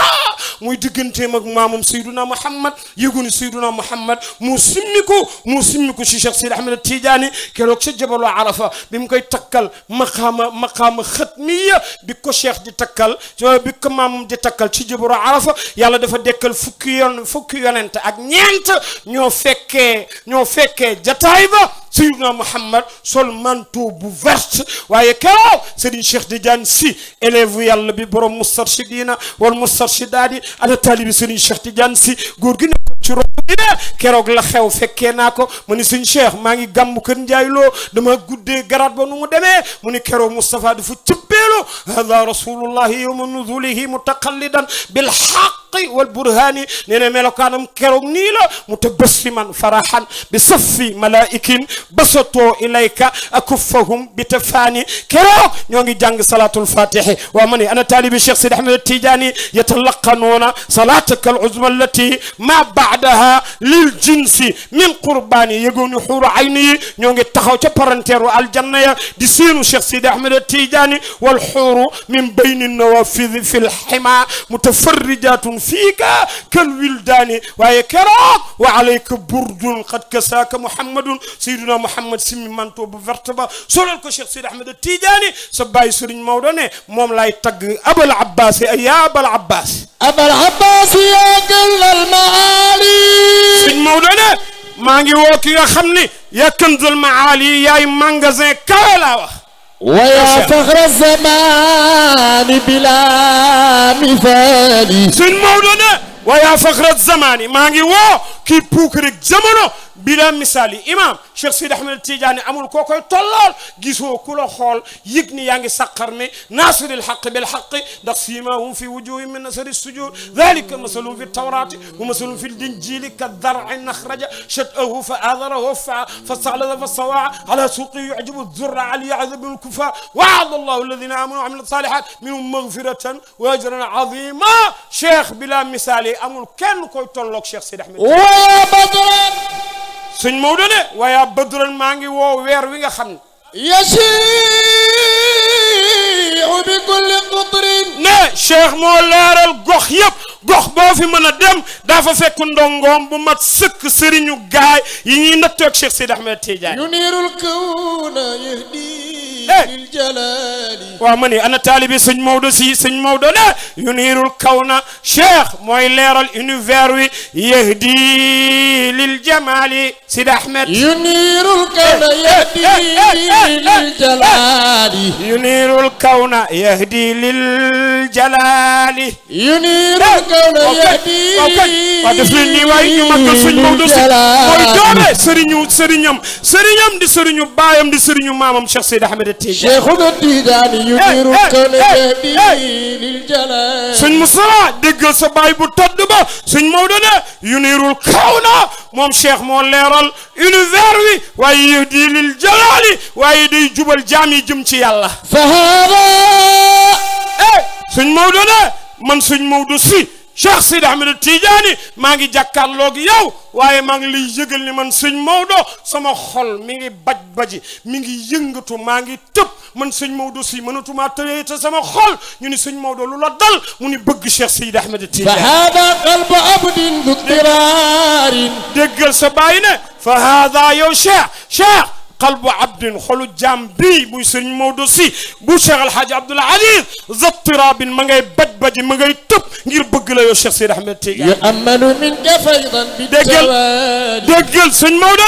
muy digënté mak maamam sayyiduna Muhammad yëguni sayyiduna Muhammad musimiku musimiku ci Cheikh sayyid Ahmed Tidiane kéro ci jabalu Arafa bim koy takkal maqama maqaama khatmiya bi ko Cheikh di takkal bi ko maamam di takkal ci jabalu Arafa yàlla dafa dekkal fukki yon fukki yonent ak ñent ño fekkee ño fekkee jotaay ba سيدنا محمد sol manteau bu verte waaye keroog Serigne Cheikh Tidiane si élève yàlla bi borom mustarshidina wal mustarshidaati ana taalibi sëriñ Cheikh Tidiane si góor gi nekkoon ci rob bi ne kérok la xew fekke nako ko mu Cheikh ma ngi gam kër Njaay Lo dama goudé garat bo nu mu demee mu ni keroog Moustapha dafa cëppeelu hada rasulullah yowma nuzulihi mutaqallidan bil haqq wal burhani nee na melokaanam keroog nii la mutabassiman farahan bi safi malaikin basatoo ilayka akuffahum bi tafaani keroog ñoo ngi jàng salatul fatihi waa ma ne ana taalibi Cheikh Sidi Ahmed Tidiane yatalaqanoo يصلون صلاتك العظمى التي ما بعدها للجنس من قرباني يقول حور عيني نيونغي تخاو تي بارنتيرو الجنه دي سينو شيخ سيدي احمد التيجاني والحور من بين النوافذ في الحما متفرجات فيك كالولدان وهي كراك وعليك برد قد كساك محمد سيدنا محمد سمي مانتو بفرتبا سولال كو شيخ سيدي احمد التيجاني سباي سيرن مودو موم لاي تاغ ابو العباس abbas ابو العباس ابو العباس يا كل المعالي سيد مولانا مانغي ووكي يا خمني يا كنز المعالي يا مانغازي كالا ويا فخر الزمان بلا مثالي سيد مولانا ويا فخر الزمان مانغي ووكي بوكريك زمانو bila misaal yi imam Cheikh Sidi Ahmed Tidiane amul koo koy tollool gisoo ku la xool yëg ni yaa ngi saqar ni naasiri lxaq bilxaqi ndax siimaahum fi wujuhi min nasari sujud dalika masalum fi tawrati wa masalum fi linjili ka darci naxraja shatahu fa adarahu fa fastaxlada fa sawaa ala suqi yucjibu zurra alyazabu lkufa waada allahu alladina amanu wa amilu salihat minhum magfiratan wa ajran azima cheikh bila misaal yi amul kenn koy tolloog Cheikh Sidi Ahmed wa badran suñ Maodo ne waaye badran maa ngi woo weer wi nga xam ne yasiu bi ne cheikh moo leeral gox yëpp gox boo fi mën a daa fa fekk ndongoom bu mat sëkk sëriñu gaay yi ñuy nattoog Cheikh Sidi Ahmed Tidiane yuniirul waaw ma ni ana taalibi sëñ Maodo si sëñ Maodo ne yuniirul kaw na cheikh mooy leeral univers wi yahdi lil jamali Sidi Ahmed yuniirul kaw na yahdi lil jalali yuniirul kaw na yahdi lil jalali yuniirul kaw na yahdi waaw def leen nii waay ñu màggal sëñ Maodo si mooy doome sëriñu sëriñam sëriñam di sëriñu baayam di sëriñu maamam cheikh Sidi Ahmed Cheikhuna Tijaani yudiru qalbi bu tedd ba Sëñ Maodo ne yunirul kawna moom Cheikh moo leeral univers wi waaye yudi lil jalali waaye day jubal jaam yi jëm ci yàlla fa hada Sëñ Maodo ne man Sëñ Maodo si Cheikh Sidi Ahmed Tidiane maa ngi jàkkaarloog yow waaye maa ngi lay yëgal ni man sëñ Maodo sama xol mi ngi baj baji mi ngi yëngatu maa ngi tëb man sëñ Maodo si mënatumaa tëyee te sama xol ñu ni sëñ Maodo lu la dal mu ni bëgg Cheikh Sidi Ahmed Tidiane. fa hada qalbu abdin du qiraarin déggal sa bàyyi ne. fa hada yow Cheikh Cheikh. قلب عبد خلو جامبي بو سيرن مودوسي بو شيخ الحاج عبد العزيز زطراب ماغي بج بج ماغي توب غير بغ لا يا شيخ سيد احمد تيغا يامل منك فيضا بالدجل دجل سيرن مودو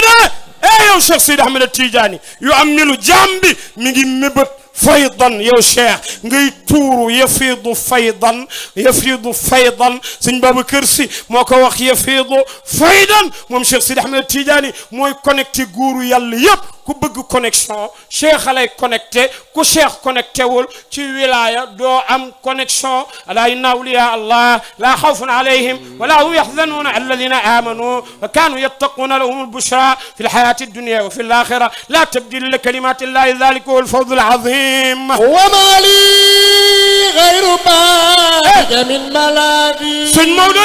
اي يا شيخ سيد احمد تيجاني يامل جامبي ميغي مبت فيضا يا شيخ غي تورو يفيض فيضا يفيض فيضا سن باب كرسي موكو واخ يفيض فيضا موم شيخ سيد احمد التيجاني موي كونيكتي غورو يالله ييب ku bëgg connexion cheikh a lay connecté ku cheikh connecté wul ci wilaya do am connexion ala inna awliya allah la khawfun alayhim wa la hum yaxzanuuna alladhina amanu wa kanu yattaquna lahum albushra fi ad-dunya wa fi al-akhirah la tabdil li kalimati dhalika wal dalika al-azim wa ma li gayru ba min malabi sun Maodo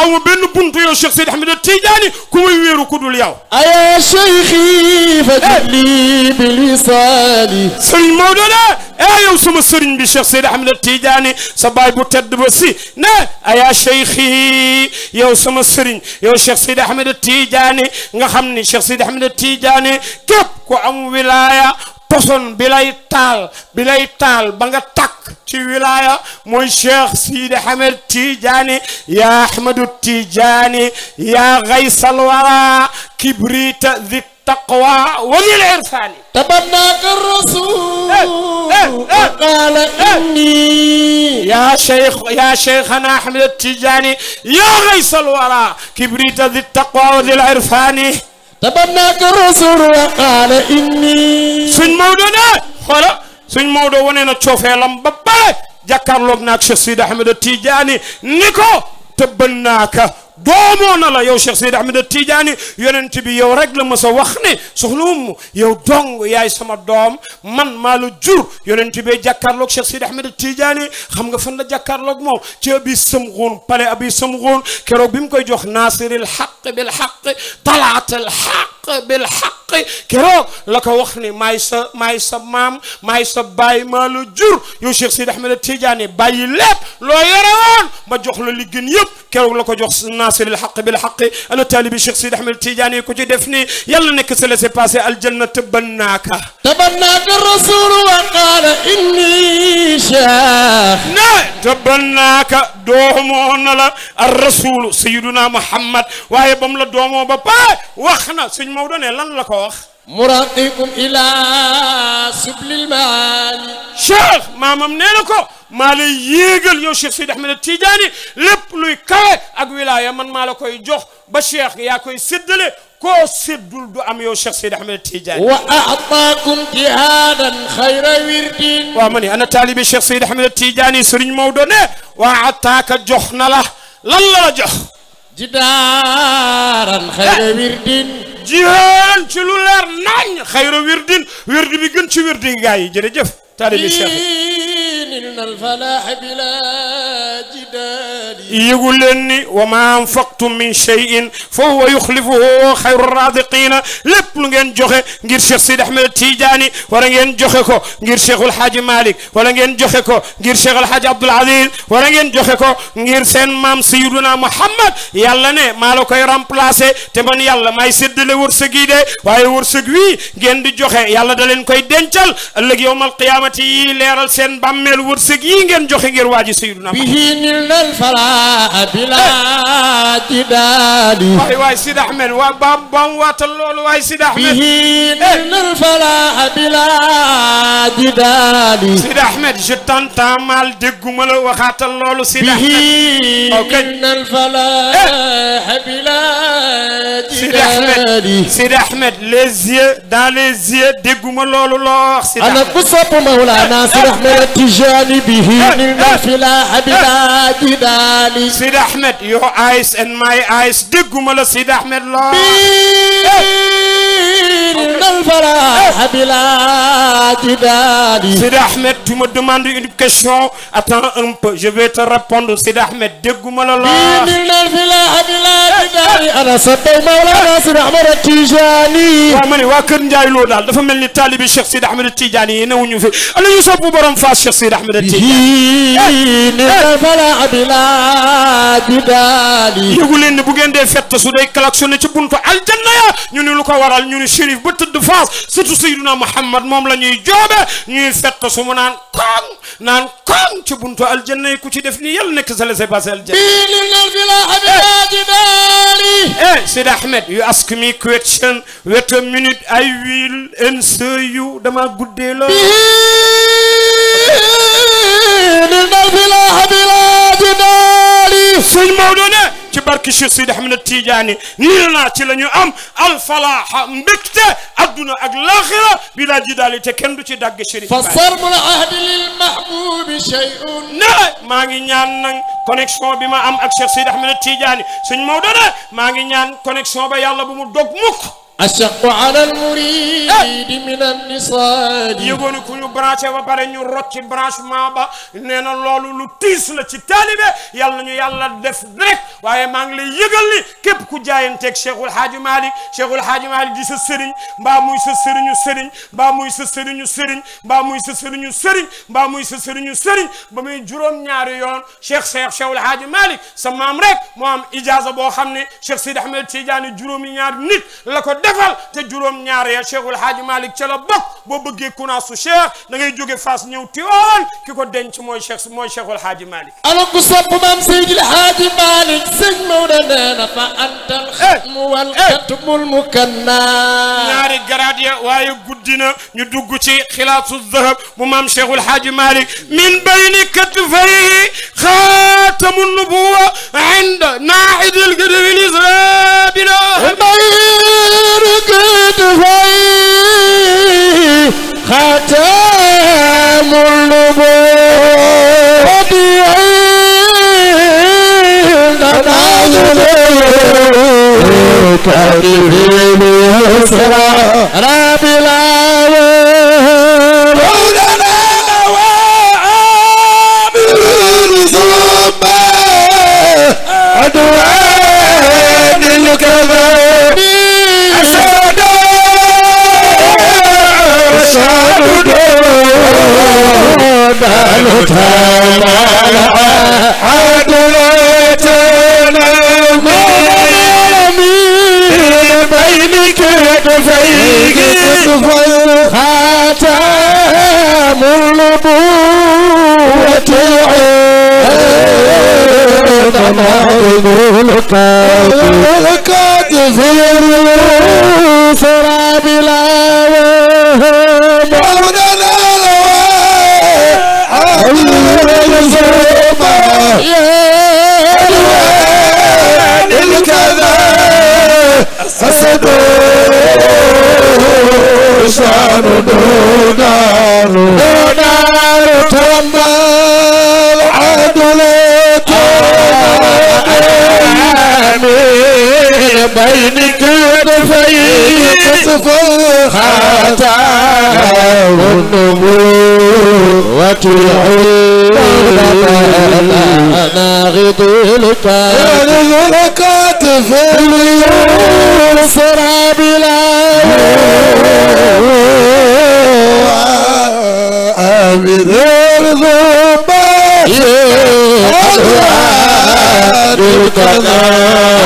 aw ben buntu yo cheikh Seydi Ahmed Tidiane ku muy wéeru ku dul yow aya cheikhi lii bi lisaani sëriñ Maodo ne eh yow sama sëriñ bi Cheikh Seydi Ahmed Tidiane sa baay bu tedd ba si ne ayaa cheikhi yow sama sëriñ yow Cheikh Seydi Ahmed Tidiane nga xam ni Cheikh am wilaaya poson bi lay taal bi taal ba nga ci wilaya mooy cheikh sidi ahmed tidiane ya ahmadu tidiane ya gaysal wara kibrita dik التقوى وللإرسال تبناك الرسول إيه، إيه، إيه. وقال إني يا شيخ يا شيخنا أحمد التجاني يا غيس الورى كبريت ذي التقوى وذي العرفان تبناك الرسول وقال إني سن مودنا خلا سن مودو ونينا تشوفي لمبابا جاكارلوك ناك شيخ سيد أحمد التجاني نيكو تبناك دومونا لا يو شيخ سيد احمد التيجاني يونت بي يو رك لما سا واخني سخلوم يو دونغ ياي سما دوم مان مالو جور يونت بي جاكارلوك شيخ سيد احمد التيجاني خمغا فن لا جاكارلوك موم تي ابي سمغون بالي ابي سمغون كرو بيم كوي جوخ ناصر الحق بالحق طلعت الحق بالحق كرو لاكو واخني ماي سا ماي سا مام ماي سا باي مالو جور يو شيخ سيد احمد التيجاني باي لب لو يرهون ما جوخ لو لي گن كرو لاكو جوخ الناس للحق بالحق انا تالي بشيخ سيد احمد تيجاني كوجي دفني يلا نك سلسي باسي الجنه تبناك تبناك الرسول وقال اني شيخ تبناك دومون الرسول سيدنا محمد واي بام لا دومو با باي واخنا سيني مودا ني لان لا مراقيكم الى سبل المال شيخ ما ممنينكم مالي ييغل يو شيخ سيد احمد التيجاني لب لوي كاوي اك ولايه من مالا كوي جوخ با شيخ يا كوي سدلي كو سدل دو ام يو شيخ سيد احمد التيجاني واعطاكم جهادا خير ورد واماني انا طالب شيخ سيد احمد التيجاني سرين مودوني واعطاك جوخنا لا لا جوخ جدارا خير ورد جهان تشلولر نان خير ورد ورد بي گن تشي ورد جاي دين يقول لني وما أنفقتم من شيء فهو يخلفه خير الرازقين لب نجن جوخه غير شيخ سيد أحمد تيجاني ولا نجن جوخه غير شيخ الحاج مالك ولا نجن جوخه غير شيخ الحاج عبد العزيز ولا نجن جوخه غير سين مام سيدنا محمد يلا نه مالو كاي رامبلاسي تمن يلا ماي سيد لي ورسغي دي واي ورسغي غين دي جوخه يلا دالين كاي دنتال الله يوم القيامة rawati yi leeral seen bàmmeel wërsëg yi ngeen joxe ngir waaji sayyiduna bihi nilnal fala bila jidaali waay waay Sidi Ahmed waa baam baam waatal loolu waay Sidi Ahmed bihi nilnal fala bila jidaali Sidi Ahmed je t'entends mal dégguma la waxaatal loolu Sidi Ahmed bihi nilnal fala bila jidaali Sidi Ahmed les yeux dans les yeux dégguma loolu loo wax Sidi Ahmed مولانا سيد احمد التجاني بهين فلا بلاد دالي سيد احمد your eyes and my eyes دقوا ملا سيد احمد الله Sid Ahmed, tu me demandes une question. Attends un peu, je vais te répondre. Sid Ahmed, dégoumalala. waaw ma Ahmed Tidiane yi newuñu Ahmed waral kilif ba tudd faas surtout Seydina Muhammad moom la ñuy joobe ñuy fekk su mu naan koŋ naan koŋ ci buntu aljanna yi ku ci def nii yàlla nekk sa laissez passer aljanna. eh, eh Sidi Ahmed you ask me question wait a minute I will answer you dama guddee lool. sëñ Maodo ne. ci barki Cheikh Sidi Ahmed Tidiane nii naa ci la ñu am alfalaaxa mbégte adduna ak laaxira bi laa jidaali te kenn du ci dagg chérif fa sarmul ahdi lil mahbubi shay'un ne maa ngi ñaan nag connexion bi ma am ak Cheikh Sidi Ahmed Tidiane suñ Maodo ne ngi ñaan connexion ba yàlla bu mu dog mukk أشق على المريد من النصال يقول كل براش وبرن يروت براش ما با الله لطيس لتيس به يلا نيو يلا دف درك واي مانلي يقلي كيف كو جاين تك شيخ الحاج مالك شيخ الحاج مالك جيس سيرين با موي سيرين سيرين با موي سيرين سيرين با موي سيرين سيرين با موي سيرين سيرين با موي جوروم ñaar yoon شيخ شيخ شيخ الحاج مالك سمام رك مام اجازه بو خامني شيخ سيد احمد تيجاني جوروم ñaar nit la defal te juróom-ñaar ya Cheikhul Hadji malik ci la bok bo beugé kuna su Cheikh da ngay joggé Fass ñëw Tiwaawan ki ko denc moy Cheikh mooy Cheikhul Hadji malik alam ko sopp mam Seydil Hadji Malick sëñ Maodo nee na fa antal xatmu wal xatmul mukanna ñaar garaat ya waaye guddina ñu dugg ci xilaasu dhahab bu maam Cheikhul Hadji malik min bayni katfayhi xaatamu nubuwa inda القدر gëdëwin israbila مرقد هاي ختام النبوة تنازل يسرى رابي الأول مولانا وعامر الصبا عدوان الكذب بها الهتام عدلتنا من بين كتفيك كتفي خاتم النبوة عين القد في السرى بلا وهم قدوس دونار دونار تمال عدلت بينك وبينك صفحة والنبوة العلم ناغض الكافر primeiro será Bilal A vida do bairro do canal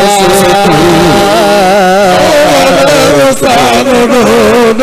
Você sabe o que é o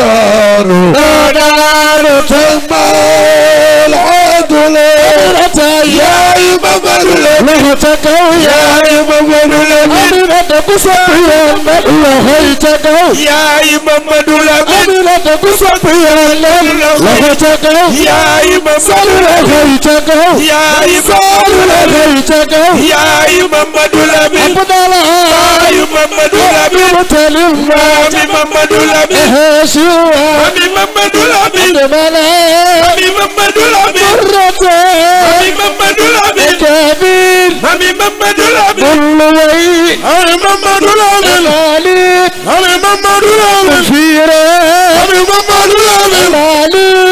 Yari Mamadule, Yari Mamadule, Yari Mamadule, Yari تقصفين لهيتك يا إمام دولامين تقصفين لهيتك يا إمام لهيتك يا إمام لهيتك يا إمام دولامين يا إمام دولامين تلم يا إمام دولامين هاشوا يا إمام دولامين ملا يا إمام دولامين مرتين يا إمام دولامين Mami Mamadou Lamine. Kulluway. Mami Mamadou Lamine. Lali. Mami Mamadou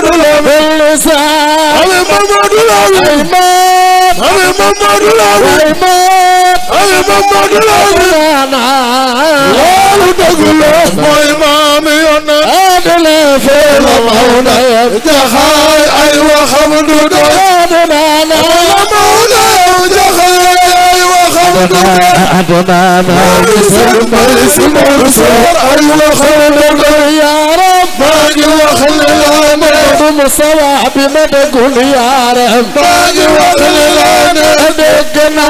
Muhammadu Lamin. Ami Muhammadu Lamin. Ami Muhammadu Lamin. Ami Muhammadu Lamin. Lọ́ọ̀lù dọ́gùlọ̀ mọ ìmáàmì ọ̀nà. Adìlẹ̀ fẹ́lẹ̀ mọ̀ọ́nà. Ìjàkà àìwá Hamadu dọ̀. Adìlẹ̀ àná. Ọlọ́mọ̀ọ́nà ìjàkà àìwá Hamadu dọ̀. Adìlẹ̀ àná. Mọ̀ọ́lùsọ̀ mọ̀ọ́lùsọ̀ mọ̀ọ́lùsọ̀ àìwá Hamadu dọ̀. Yàrá. باقي وخل العمر ابو صلاح بمدق وليارم باقي وخل العمر دقنا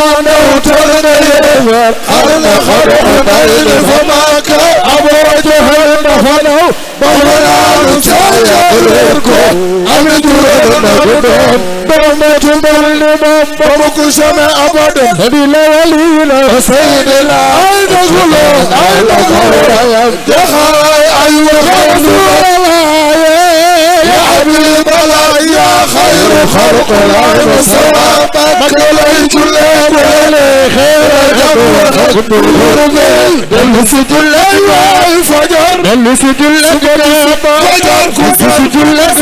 وتغني ارنا خرح بين فماك ابو وجه النفنو Babalarım sana ölüko Amidurum abudum Babamacım balimam Babakuşame abadum Nebile velina Seyyidina Ayda gulu Ayda gulu Dekharay ayvah Ya abim balay يا خير خلق العين سواء مكليت الليل خير الجبر خد الغربي دلست الليل فجر دلست الليل فجر دلست الليل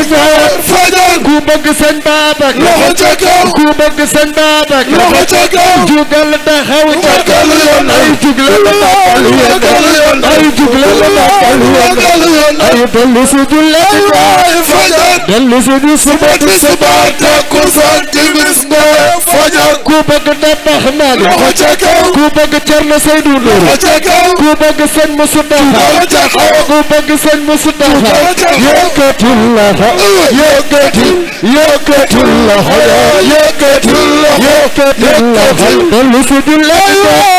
فجر ku bëgg seen baabak loxo ca kaw ku bëgg seen baabak loxo ca kaw jugal taxaw ca kaw ay jugal suba tisbaar takkusaan timis ba fajar ku bëgg na tax naa la loxo ca kaw ku bëgg Cerno Seydu Ndour loxo ca kaw ku bëgg sëñ Musu Dafa loxo ca kaw ku bëgg sëñ Musu Dafa yëkkatil loxo yëkkatil yëkkatil loxo yëkkatil loxo yëkkatil loxo dellu si di leen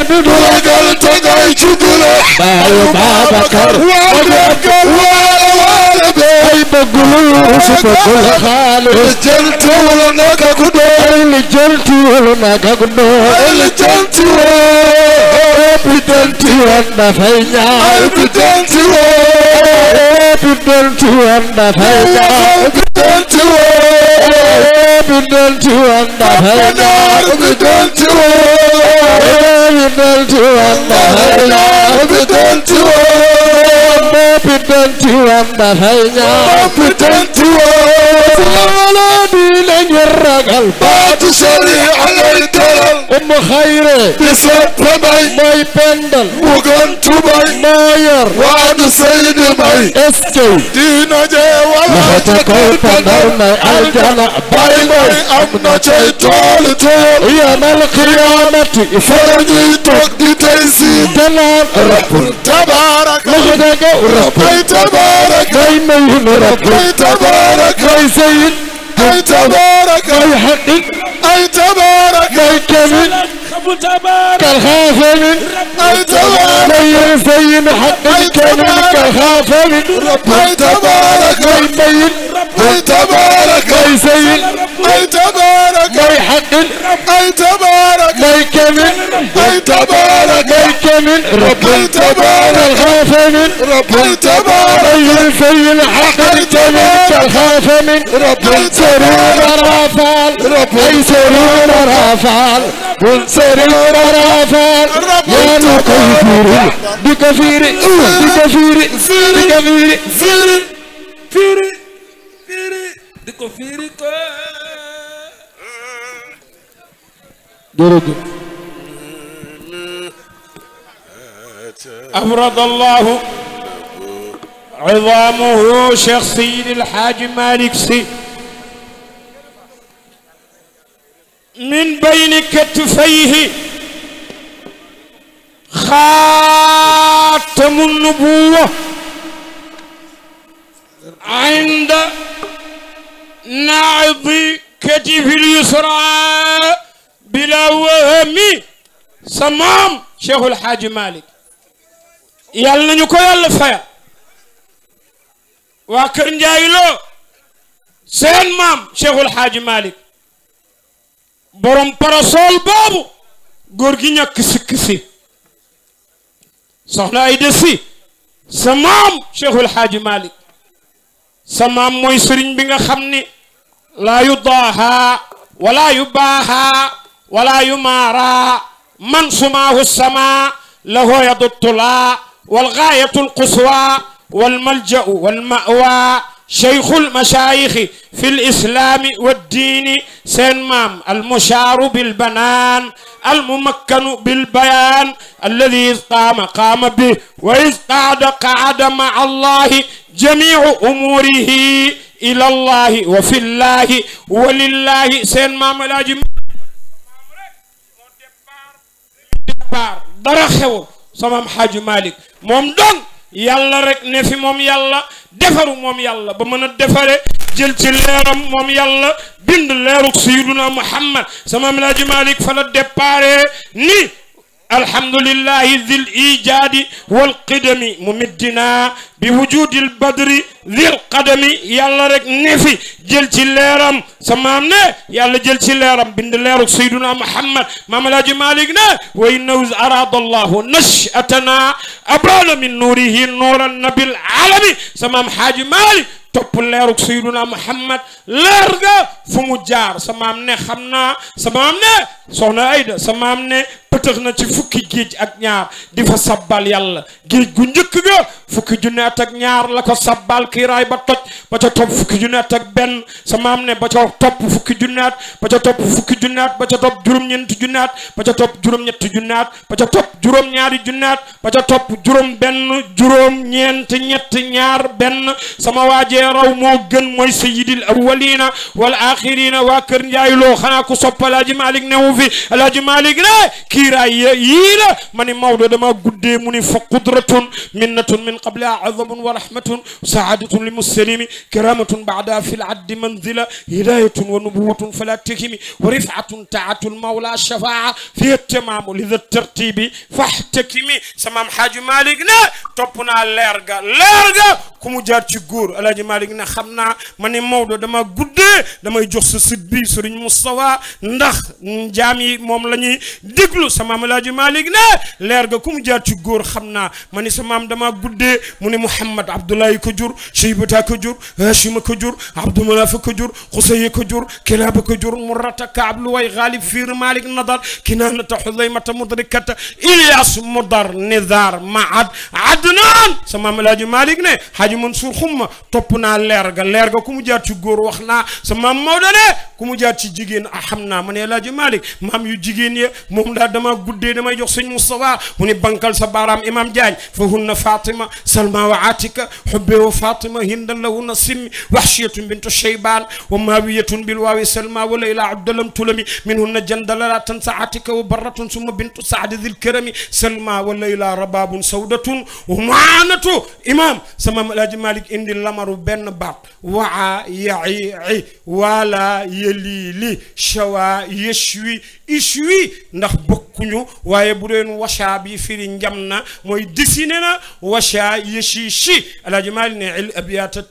doogal togay ci dula baayu Babacar wagal wala wala bay bëggul su bëggul xaal li jënti wala naka ku doon li jënti wala naka ku doon li jënti woo bi jënti woon dafay ñaar bi jënti woo bi jënti woon bi jënti woo بدلت وانا هلا بدلت وانا بدلت وانا هلا بدلت وانا بدلت وانا هلا بدلت وانا يا ولدي لن يرق البات شريع عليك Umu Khayre Isat Rabay May Pendal Mugan Tubay Mayer Waad Sayyid May SK Dina Jewa Lahata Kulpa Narna Aljana Bay May Amna Chay Tol Tol Iyana Al-Qiyamati Farji Tokdi Taysi Dalan Rabbul Tabarak Lahadaka Rabbul Tabarak May Mayhin Rabbul Tabarak May Sayyid May Tabarak May Haqiq أنت بارك الكمل كالخافم أنت بارك بين فين حق الكمل كالخافم أنت بارك بين أنت بارك بين أنت بارك بين حق أنت بارك بين كمل أنت بارك ربيت من ربيت من طيب طيب الخاف من ربيت من رجل في الحق ربيت الخاف من ربيت سرور رافال ربيت سرور رافال كن سرور رافال يا نكفر بكفير بكفير بكفير فير أمرض الله عظامه شخصي للحاج مالك سي من بين كتفيه خاتم النبوة عند نعض كتف اليسرى بلا وهم صمام شيخ الحاج مالك يالنا نيوكو يالنا فايا واكرن جايلو سين مام شيخ الحاج مالك بروم باراسول بابو غورغي نيا كسي كسي سخنا ايدسي سمام شيخ الحاج مالك سمام موي سيرن بيغا خامني لا يضاها ولا يباها ولا يمارا من سماه السماء له يد الطلاء والغاية القصوى والملجأ والمأوى شيخ المشايخ في الإسلام والدين سنمام المشار بالبنان الممكن بالبيان الذي قام قام به وإذ قعد قعد مع الله جميع أموره إلى الله وفي الله ولله سنمام الأجمع samam xaaju malik moom dong yàlla rek ne fi moom yàlla defaru moom yàlla ba mën a defare jël ci leeram moom yàlla bind leeruk sayyiduna muhammad samam xaaju malik fa la dépare ni الحمد لله ذي الإيجاد والقدم ممدنا بوجود البدر ذي القدم يلا رك نفي جل تلارم سمامنا يلا جل تلارم بند لارك سيدنا محمد ما ملاج مالكنا وإنه أراد الله نشأتنا أبرانا من نوره نور النبي العالمي سمام حاج مالك topp leeruk sayyiduna muhammad leer ga fu mu jaar sa maam ne xam naa sa maam ne soxna ayda sa ne pëtëx na ci fukki géej ak ñaar di fa sabbal yàlla géej gu njëkk ga fukki junne at ak ñaar la ko sabbal kiiraay ba toj ba ca topp fukki junne at ak benn sa maam ne ba ca topp fukki junne at ba ca topp fukki junne ba ca topp juróom-ñeenti junne at ba ca topp juróom-ñetti junne at ba ca topp juróom-ñaari benn juróom-ñeent ñett ñaar benn sama waajee kee raw moo gën mooy sayyidil awwalina wal axirina waa kër Njaay loo xanaa ku sopp Alaaji Malick newu fi Alaaji Malick ne kiiraay yii la ma ni Maodo dama guddee mu ni fa qudratun minnatun min qabliha azabun wa rahmatun saadatun lil muslimi karamatun baada fi laddi manzila hidayatun wa nubuwatun fala tekimi wa rifatun taatul mawla shafaa fi tamamu li tartibi fahtakimi samaam Xaaji Malick ne topp naa leer ga leer ga ku mu jaar ci góor Alaaji malik na xamna mané mawdo dama guddee damay jox ce sud bi Serigne Moustapha ndax jami mom lañuy la déglu sa maam El ne ga kum jaar ci gor xamna mané sa dama guddee mune mohammed Mouhamad Abdoulaye ko jur Cheybata ko jur Hachima ko jur Abdou Manaf ko jur ko jur ko jur Murata Kaab way ghalib fir malik Nadar Kinaanata Xudaymata mudrikat Ilyas Mudar nizar Maad Adnan sa maam El Hadj ne haji Mansour khum topp naa leer ga leer ga ku mu jaar ci góor wax naa sa maam Maodo ne ku mu jaar ci jigéen ah xam naa ma ne El Hadj Malick maam yu jigéen ya moom daal dama guddee damay jox sëñ Moustapha mu ne bankal sa baaraam imam Diagne fa hunna Fatima Salma wa Atika hubbe wa Fatima hindan la hunna simmi wahshiyatun bintu Shayban wa mawiyatun bil waawi Salma wa Layla Abdalam Tulami min hunna jandala la tansa Atika wa barratun summa bintu Saadi Dil Karami Salma wa Layla rababun sawdatun wa maanatu imam sa maam El Hadj Malick indi lamaru بن بات وعا يعي عي ولا يليلي شوا يشوي ishwi ndax bokkuñu waye bu doon washa bi firi njamna moy mooy na washa yëshi ala jamal ni al il abiyaata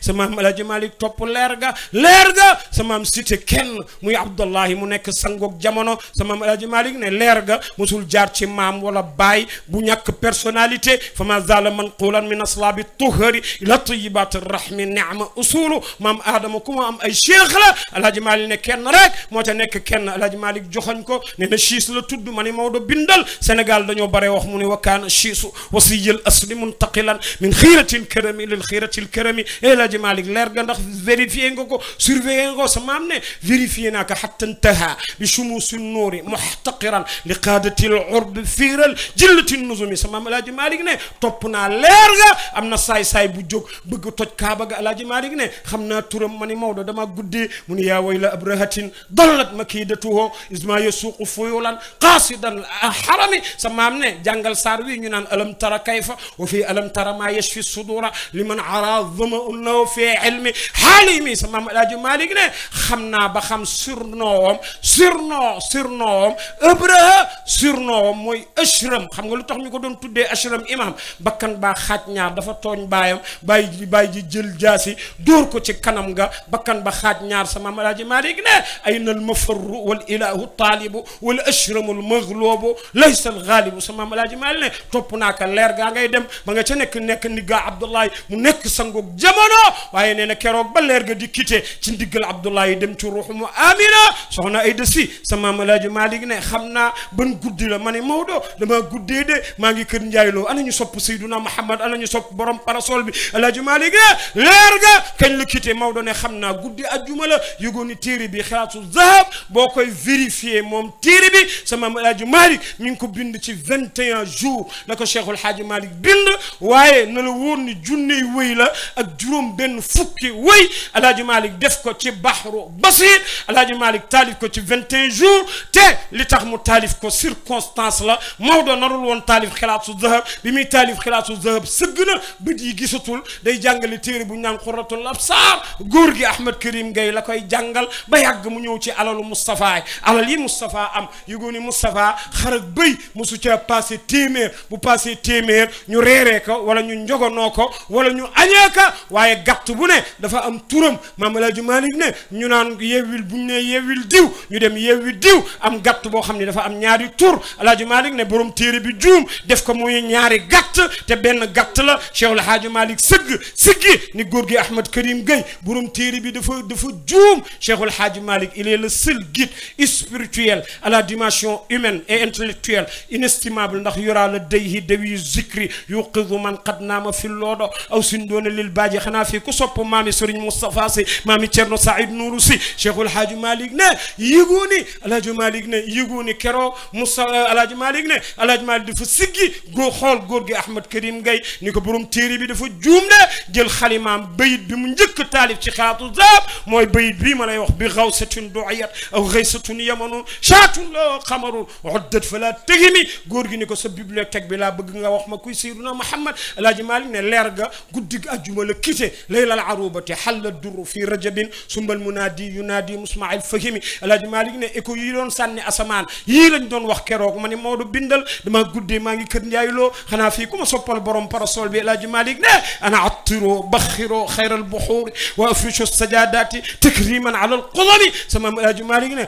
sama am ala jamal top lerga lerga sama am cité ken muy abdullahi mu nek sangok jamono sama am ala jamal ne lerga musul jaar ci mam wala bay bu ñak personnalité fama zalam man qulan min aslaabi tuhari ila tayyibat rahmi nema usulu maam aadama ku am ay cheikh la ala jamal ne ken rek moo ta nekk kenn alaaji Malik joxagn ko ne na la tuddu ma mawdo bindal Sénégal dañu bare wax mu ne wa kaana chiisu wasiyal asli muntaqilan min xiiratil kërami lil xiiratil kërami El Hadji Malick leer ga ndax vérifier ngoko surveiller ngoko sa maam ne vérifié naa ko xatta ntaha bi shumuusi nuuri muxtaqiran li qaadatil urb fiiral jillati nuzumi sa mam El Hadji ne top na ler ga amna say say bu jóg bëgg toj kaaba ga El Hadji ne xamna turam ma mawdo dama guddé mu ya wayla abrahatin dallat makidatuhu isma yasuqu fuyulan qasidan harami samamne jàngal sarwi ñu nan alam tara kayfa wa fi alam tara ma yashfi sudura liman ara unnahu fi ilmi halimi samam alaj malik ne xamna ba xam surnom surno surnom abraha surnoowam moy ashram xam nga lu tax ñuko don tuddé ashram imam bakkan ba xat ñaar dafa togn bayam bay ji bay ji jël jasi dur ko ci kanam nga bakkan ba xat ñaar samam alaj malik ne ay mafarru wal ila ابتلاه الطالب والاشرم المغلوب ليس الغالب sama malaaji maa ne topp naa ka leer gaa ngay dem ba nga ca nekk nekk ndigga Abdoulaye mu nekk sangoog jamono waaye nee na keroog ba leer ga di kite ci ndiggal Abdoulaye dem ci ruuxu mu Amina soxna Ayda Si sama malaaji Malick ne xam naa ban guddi la ma ne Maodo damaa guddee de maa ngi kër Ndiaye Lo ana ñu sopp Seyduna Muhammad ana ñu sopp borom parasol bi alaaji Malick ne leer ga kañ la kite Maodo ne xam naa guddi ajjuma la yëgoon ni téere bi xalaatu zahab boo koy vérifier moom téere bi sa maam El Hadj Malick mi ngi ko bind ci 21 jours la ko Cheikhul Hadj Malick bind waaye na la wóor ni junney wëy la ak juróom benn fukki wëy El Hadj Malick def ko ci Bahru Basir El Hadj Malick taalif ko ci 21 jours te li tax mu taalif ko circonstance la Maodo narul woon taalif xilaatu zahab bi muy taalif xilaatu zahab sëgg na bët yi gisatul day jàngale téere bu ñu naan xuratul absaar góor gi Ahmed Karim Gueye la koy jàngal ba yàgg mu ñëw ci alalu Moustapha alal Mustafa Moustapha am yëgooni mustafa xar bay musu mosu passé témèr bu passé témèr ñu réré ko wala ñu njogonoo ko wala ñu añee ka waaye gàtt bu ne dafa am turum maam El Hadj ne ñu nan yewil bu né yewil diw ñu dem yewil diw am gàtt bo xamni dafa am ñaari tur El Hadj malik ne borom téré bi juum def ko moy ñaari gàtt te ben gàtt la Cheikh al hadji malik seug siggi ni gor gui Ahmad Karim gey borom téré bi dafa dafa juum Cheikh al hadji malik il est le seul guide spirituelle, à la dimension humaine et intellectuelle, inestimable. ndax yura la dayhi dawi zikri yuqidhu man qad nama fi lodo aw sindona lil baji xanaa fi ku sop maami Serigne mustapha si maami cherno Saïd Nourou si cheikh al Hadji malik ne yiguni al hadji malik ne yiguni kero musa al hadji malik ne al hadji malik dafa siggi go xol gor gui ahmed Karim Gaye niko ko borom téere bi dafa juum ne jël xalimaam bayit bi mu njëkk talif ci xaatu zab moy bayit bi ma lay wax bi xawsatun duiyat aw ghaysatun yamanu shatun loo xamarun uddat fala tëgini gor gui ni ko sa bibliothèque bi la beug nga wax ma kuy sayyiduna Muhammad alaaji Maalik ne leer ga guddig aljuma le kite laylal arubati xalla dur fi rajabin sumbal munaadi yunaadi musmail fahimi alaaji Maalik ne écho yi don sànni asaman yi lañ don wax keroog ma ne bindal dama guddé ma ngi keur Ndiaye lo xana fi kuma soppal borom parasol bi alaaji Maalik ne ana attiro baxiro xayral buhur wa afrishu sajadati takriman ala alqudami sama alaaji Maalik ne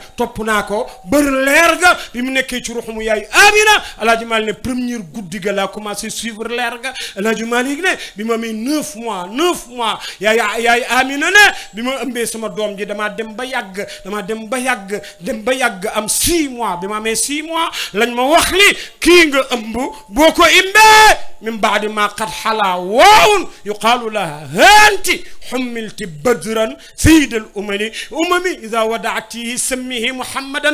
naa ko bër leer ga bi mu nekkee ci ruxumu yaayu Amina El Hadj Malick ne première guddi ga laa commencé suivre leer ga El Hadj Malick ne bi ma amee neuf mois neuf mois yaay yaay Amina ne bi ma ëmbee sama doom ji damaa dem ba yàgg damaa dem ba yàgg dem ba yàgg am six mois bi ma amee six mois lañ ma wax li kii nga ëmb boo ko imbee من بعد ما قد حلا واو يقال لها هانت حملت بدرا سيد الأمم أممي إذا ودعته سميه محمدا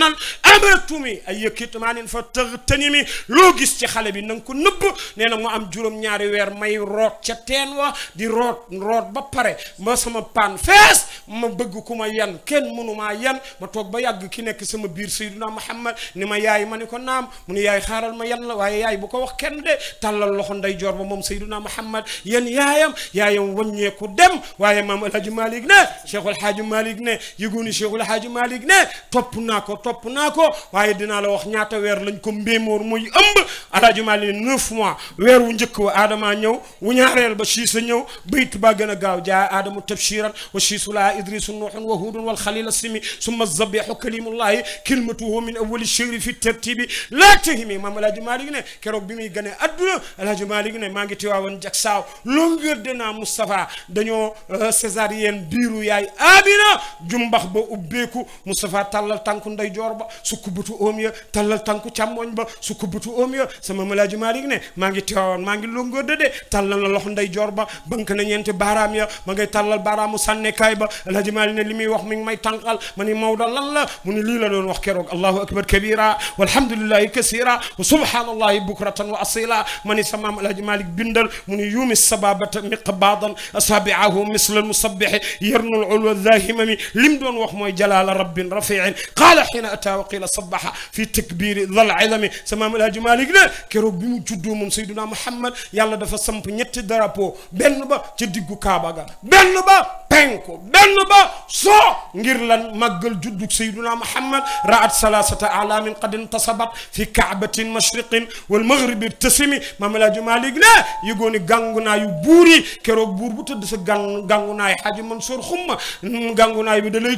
أمرتمي أي كتمان فتغتنمي لوجس تخلي بنكو نب نينا مو أم جرم نياري وير ماي روت تتين وا دي روت روت بباري ما سما بان فيس ما بغو كما ين كن منو ما ين ما توك با يغ كي نيك سما بير سيدنا محمد نما ياي ماني كو نام من ياي خارال ما ين لا واي ياي بوكو واخ كين دي تالال لوخو ndeyjoor ba moom Seydina Muhammad yéen yaayam yaayam wàññeeku dem waaye maam El Hadj Malick ne Cheikhul Hadj Malick ne yëguni Cheikhul Hadj Malick ne topp naa ko topp naa ko waaye dinaa la wax ñaata weer lañ ko mbéemoor muy ëmb El Hadj Malick mois weer wu wa Adama ñëw wu ñaareel ba Chiisa ñëw baytu ba gën gaaw jaa Adamu tabshiran wa Chiisu laa Idrisu wa Huudun wal Xalil simi summa zabixu kalimullahi kilmatuhu min awali chehri fi tartibi laa tahimi maam El Hadj ne keroog bi muy gane adduna El Malick ne maa ngi Tiwaawan jak saaw longueur de naa Moustapha dañoo euh, césarienne biiru yaay Amina jumbax ba ubbeeku Moustapha tallal tànku ndeyjoor ba sukk butu oom ya tallal tànku càmmoñ ba sukk butu oom ya sama Malaaji Malick ne maa ngi Tiwaawan maa ngi longueur de de tallal na loxo joor ba bank na ñeenti baaraam ya ma ngay tallal baaraamu sànnekaay ba Alaaji Malick ne li muy wax mi ngi may tànqal ma ni Maodo lan la mu ni lii la doon wax keroog allahu akbar kabira walhamdulillahi wa subhanallahi bukratan wa asila ma maam alhaji malik bindal mu ne yuumi sababata miqbaadan asaabiahu misla musabbihi yarnul ulwa dhahimami lim doon wax mooy jalaala rabbin rafiin qaala xiina ataa wa qila sabaxa fi takbiri dhal ilami sa maam alhaji malik ne keroog bi mu juddoo moom sayduna muhammad yàlla dafa samp ñetti drapeau benn ba ca diggu kaaba ga benn ba penku benn ba soo ngir lan màggal juddug sayduna muhammad raat salasata alamin qad intasabat fi kaabatin mashriqin wal maghrib irtasimi maam alhaji Malick ne yëgooni gàngu naayu buur yi keroog buur bu tëdd sa gan gàngu naay xaji Mansour xumma mm, gàngu naay bi da lay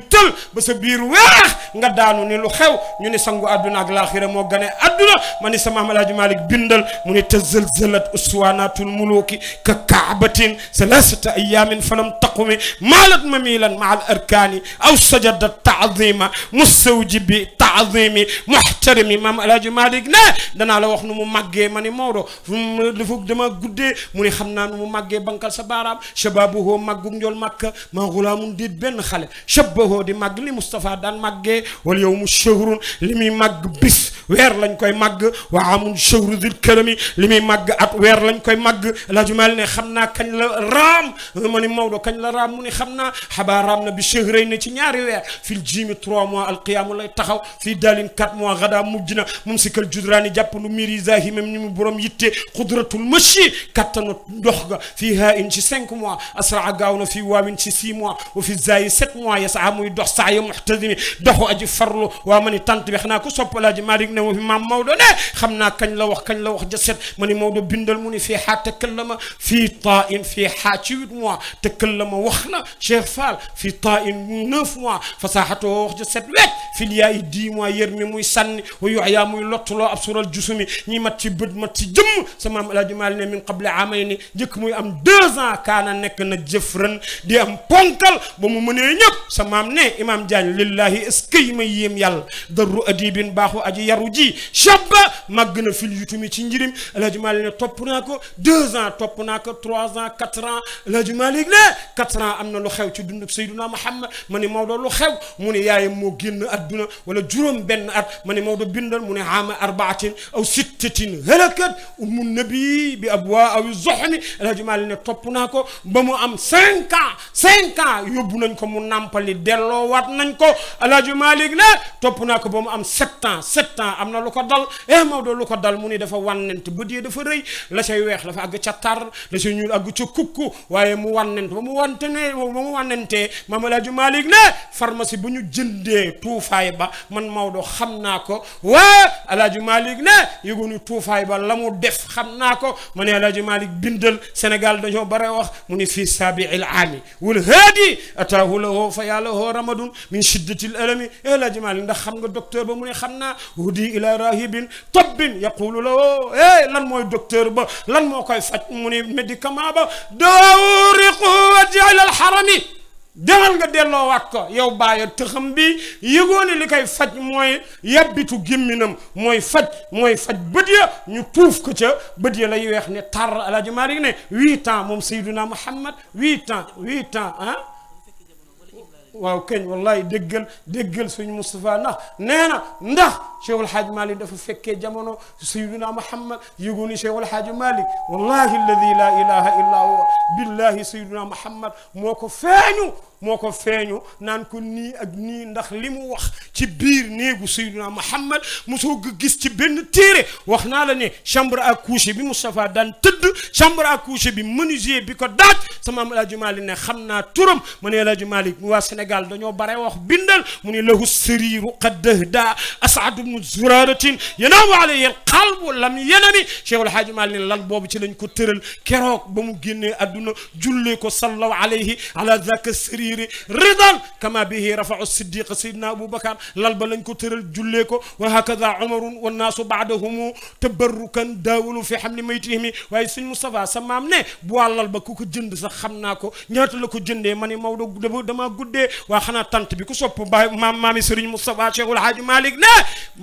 ba sa biir weex nga daanu ni lu xew ñu ne sangu àdduna ak laaxira moo gane àdduna ma ni sama Alaaji Malick bindal mu ne tazalzalat uswanatul muluki ka kaabatin salasata ayamin falam taqumi maalat mamilan maa al arkani aw danaa la wax nu mu màggee ma ni lëfug dama guddee mu ne xam naa nu mu màggee bankal sa baaraam shababuhoo màggug njool màkk maa xulaamun déet benn xale shabbahoo di màgg li Moustapha daan màggee wala yow shahrun li muy bis weer lañ koy màgg wa amun shahru dil karami li muy màgg at weer lañ koy màgg lajumal ne xam naa kañ la raam ma ni Maodo kañ la raam mu ne xam na bi shahray ne ci ñaari weer fil jiimi trois mois alqiyaamu lay taxaw fii daalin quatre mois xadaa mujj mum si kal jàpp lu miir yi zahimam ñi mu borom yitte xudrat kattanatul machi kattanat dox ga fii ha in ci cinq mois asraa gaaw na fii waawin ci six mois wa fi zayi sept mois yasaa muy dox saa ya muxtasimi doxu aji farlu waa ma ni tant bi xanaa ko soppalaaji Malick ne ma fi maam ne xam naa la wax kañ la wax ja set ma ni Maodo bindal mu ni fii xaa takallama fii taa in fii xaa ci huit mois takallama wax na Cheikh Fall fii taa in neuf mois fasaaxatoo wax ja set wecc fil yaay dix mois yër jusumi ñi mat ci bët mat sama maam El Hadj Malick ne min qabla amayni njëkk muy am deux ans kaana nekk na jëf ren di am ponkal ba mu mënee ñëpp sa maam ne Imaam Diagne lillahi eskay may yéem yàlla darru adibin baaxu aji yaru ji shabba màgg na fil yutumi ci njirim El Hadj Malick ne topp naa ko deux ans topp naa ko trois ans quatre ans El Hadj Malick ne quatre ans am na lu xew ci dundub Seydina Muhammad ma ni Maodo lu xew mu ne yaayam moo génn adduna wala juróom benn at ma ni Maodo bindal mu ne am arbaatin aw sittatin halakat ummu lii bi ab waa awi zoxni alhaji Malick ne topp naa ko ba mu am cinq ans cinq ans yóbbu nañ ko mu nàmpali waat nañ ko alhaji Malick ne topp naa ko ba mu am sept ans am na lu ko dal eh Maodo ko dal mu ni dafa wànnent bët yi dafa rëy la say weex dafa àgg ca tar la say ca kukku waaye mu wànnent ba mu wante ne ba mu wànnentee maam alhaji Malick ne pharmacie bu ñu jëndee tuufaay ba man Maodo xam naa ko waa alhaji Malick ne yëgoonu tuufaay ba la mu def xam naa naa ko mu ne El Hadj Malick bindal Sénégal dañoo bare wax mu ne fii saabiil aami wul haadi ataahu lahoo fa yàlla hoo ramadun min shiddatil alami El Hadj Malick ndax xam nga docteur ba mu ne xam naa hudi ila rahibin tabbin yaqulu lahoo eh lan mooy docteur ba lan moo koy faj mu ne médicament ba dawriqu wajal alharami demal nga delloowaat ko yow baaya tëxam bi yëgoone li koy faj mooy yàbbitu gémminam mooy faj mooy faj bët ya ñu tuuf ko ca bët ya lay weex ne tar alaaji Maalik ne huit ans moom Seydina Muhammad huit ans huit ans ah waaw keñ wallahi déggal déggal suñu Moustapha ndax nee na ndax cheikhul haaji malik dafa fekkee jamono sayyiduna muhammad yëgu ni cheikhul haaji malik wallahi alladi la ilaha illa huwa billahi sayyiduna muhammad moo ko feeñu moo ko feeñu naan ko nii ak nii ndax li mu wax ci biir néegu sayyiduna muhammad mosoo ko gis ci benn téere wax naa la ne chambre à coucher bi moustapha daan tëdd chambre à coucher bi menuisier bi ko daaj sama El Hadji Malick ne xam naa turam ma ne El Hadji Malick waa sénégal dañoo bare wax bindal mu ne lahu sariiru qad dahda asaadu حجم ينام عليه القلب لم ينام شيخ الحاج مالين لال بوب تي لنج كو تيرل كيروك بامو генي ادنا جولي كو صلوا عليه على ذاك السرير رضا كما به رفع الصديق سيدنا ابو بكر لال با لنج كو تيرل جولي كو وهكذا عمر والناس بعدهم تبركا داولوا في حمل ميتهم واي سيغ مصطفى سمام نه بو لال كوكو جند صاح خمناكو ñaata la ko jëndee ma ne Maodo dama guddee waa xanaa tant bi ku sopp baay maam maami Serigne Moustapha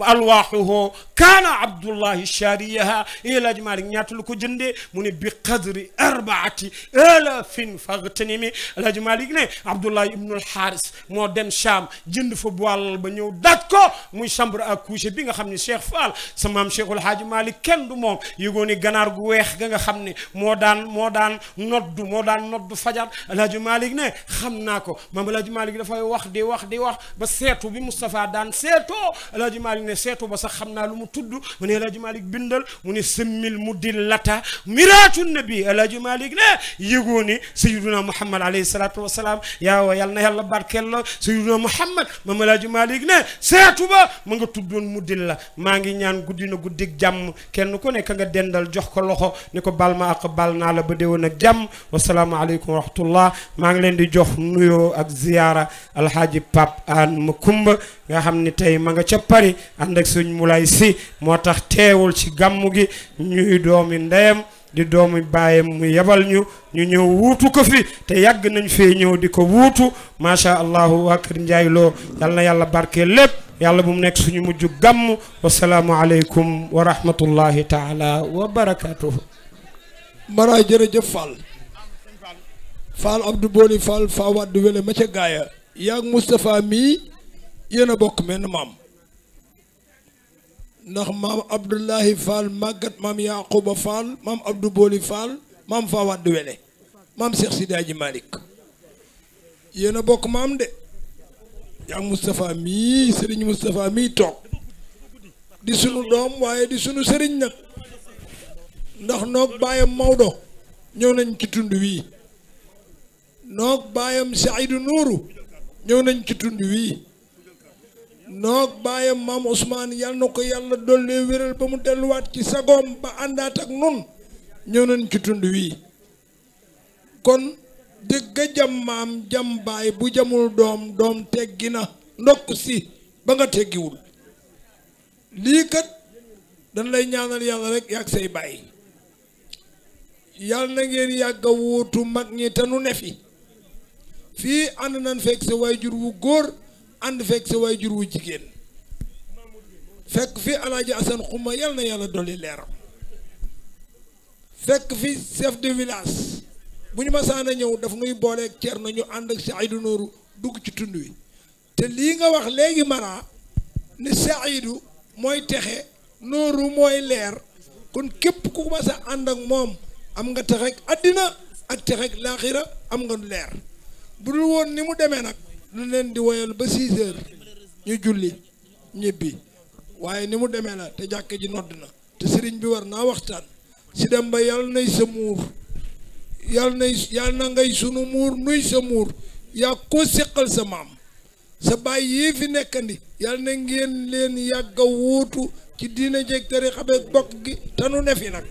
ألواحه كان عبد الله الشاريها إلى جمال نياتل كجند من بقدر أربعة آلاف فاغتنمي إلى جمار عبد الله ابن الحارس مودم شام جند فبوال بنيو داتكو من شامبر أكوشي بيغا خمني شيخ فال سمام شيخ الحاج مالك كن دو موم يغوني غنار غويخ غا خمني مودان مودان نود مودان نود فجر إلى جمار ne xam naa ko maam El Hadj Malick dafay wax di wax di wax ba seetu bi ne seetu ba sax xam naa lu mu tudd mu ne El Hadj Malick bindal mu ne sëmmil mu di lata miraatu nabi El Hadj Malick ne yëgoo ne Sayyiduna Muhammad alayhi salaatu wa salaam yaaw na yàlla barkeel la Sayyiduna Muhammad moom El Hadj Malick ne seetu ba ma nga tuddoon mu di la maa ngi ñaan guddi na guddig jàmm kenn ku nekk nga dendal jox ko loxo ni ko bal ma ak bal naa la ba déwoon ak jàmm wasalaamualeykum wa rahmatullah maa ngi leen di jox nuyoo ak ziyaara alhaaji Pape An Makumba nga xamni ni ma nga ca pari ànd ak suñ mulay si motax teewul ci gamu gi ñuy doomi ndeyam di doomi bayam mu yabal ñu ñu ñew wutu ko fi te yag nañ fe ñew diko wutu ma sha allahu waa kër dala Lo dal na yalla barke lepp yalla bu mu nek suñu alaykum wa rahmatullahi taala wa barakatuh mara je fal fal Abdou Boni fal fa waddu wele ma ca gaaya yaag Moustapha mi Yena bok men mam, nah ndax mam Abdullahi Fall magat mam yaqub Fall mam Abdou Boli Fall mam Fawad Wele mam Cheikh Sidi malik Yena bok mam de yang Mustafa Mi Serigne Mustafa Mi tok di sunu dom waye di sunu Serigne nak ndax nok bayam mawdo ñew nañ ci tund wi nok bayam Seydou Nourou ñew nañ ci tund wi noog baayam maam Ousmane yal na ko yàlla dollee wéral ba mu delluwaat ci sagoom ba àndaat ak nun ñëw nañ ci tund wii kon dëgga jam maam jam baay bu jamul doom doom teggi na ndokk si ba nga teggiwul lii kat dañ lay ñaanal yàlla rek yàgg say baay yàlla na ngeen yàgg a mag ñi te nu ne fii ànd nañ fekk sa waajur wu góor ànd fekk sa waajur wu jigéen fekk fi alaaji asan xuma yal na yàlla dolli leeram fekk fi chef de village bu ñu masaana ñëw daf nuy booleek ceer nañu ànd ak Seydou Nourou dugg ci tund wi te lii nga wax léegi maraa ne Seydou mooy texe Nourou mooy leer kon képp ku mas a ànd ak moom am nga texeeg àddina ak texeeg laaxira am nga leer bu dul woon ni mu demee nag lu leen di woyal ba six ñu julli ñibbi waaye ni mu demee la te jàkk ji nodd na te sëriñ bi war naa waxtaan si dem ba yàlla nay sa muur yàlla na ngay sunu muur nuy sa muur yaa ko sa maam sa baay yii fi nekkandi yàlla na ngeen leen yàgg a wóotu ci diina jeeg tarixa beeg bokk gi te nu ne fi nag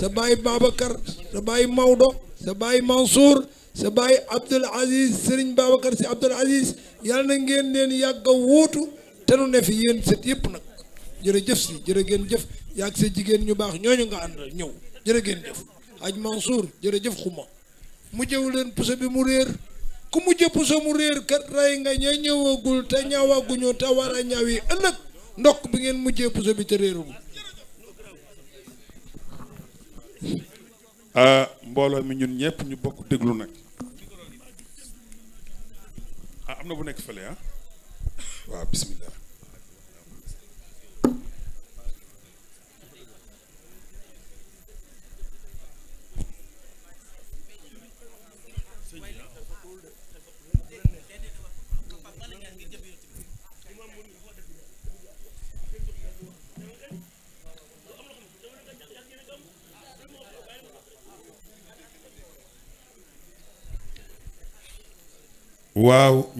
sa bàyyi Babacar sa bàyyi Maodo sa bàyyi Mansour sa baay Abdoul Aziz Serigne Babacar Sy Abdoul Aziz yàlla na ngeen leen yàgg a wuutu te nu ne fi yéen set yëpp nag jërëjëf si jërë ngeen jëf yàgg sa jigéen ñu baax ñooñu nga àndal ñëw jërë ngeen jëf Hadj Mansour jërëjëf xuma mu jëw leen puso bi mu réer ku mu jë puso mu réer kat ray nga ña ñëwagul te ñaawaguñu te war a ñaaw yi ëllëg ndokk bi ngeen mujjee puso bi te réerul ah, mbooloo mi ñun ñëpp ñu bokk déglu nag Ah, am na bu nekk fële ah waaw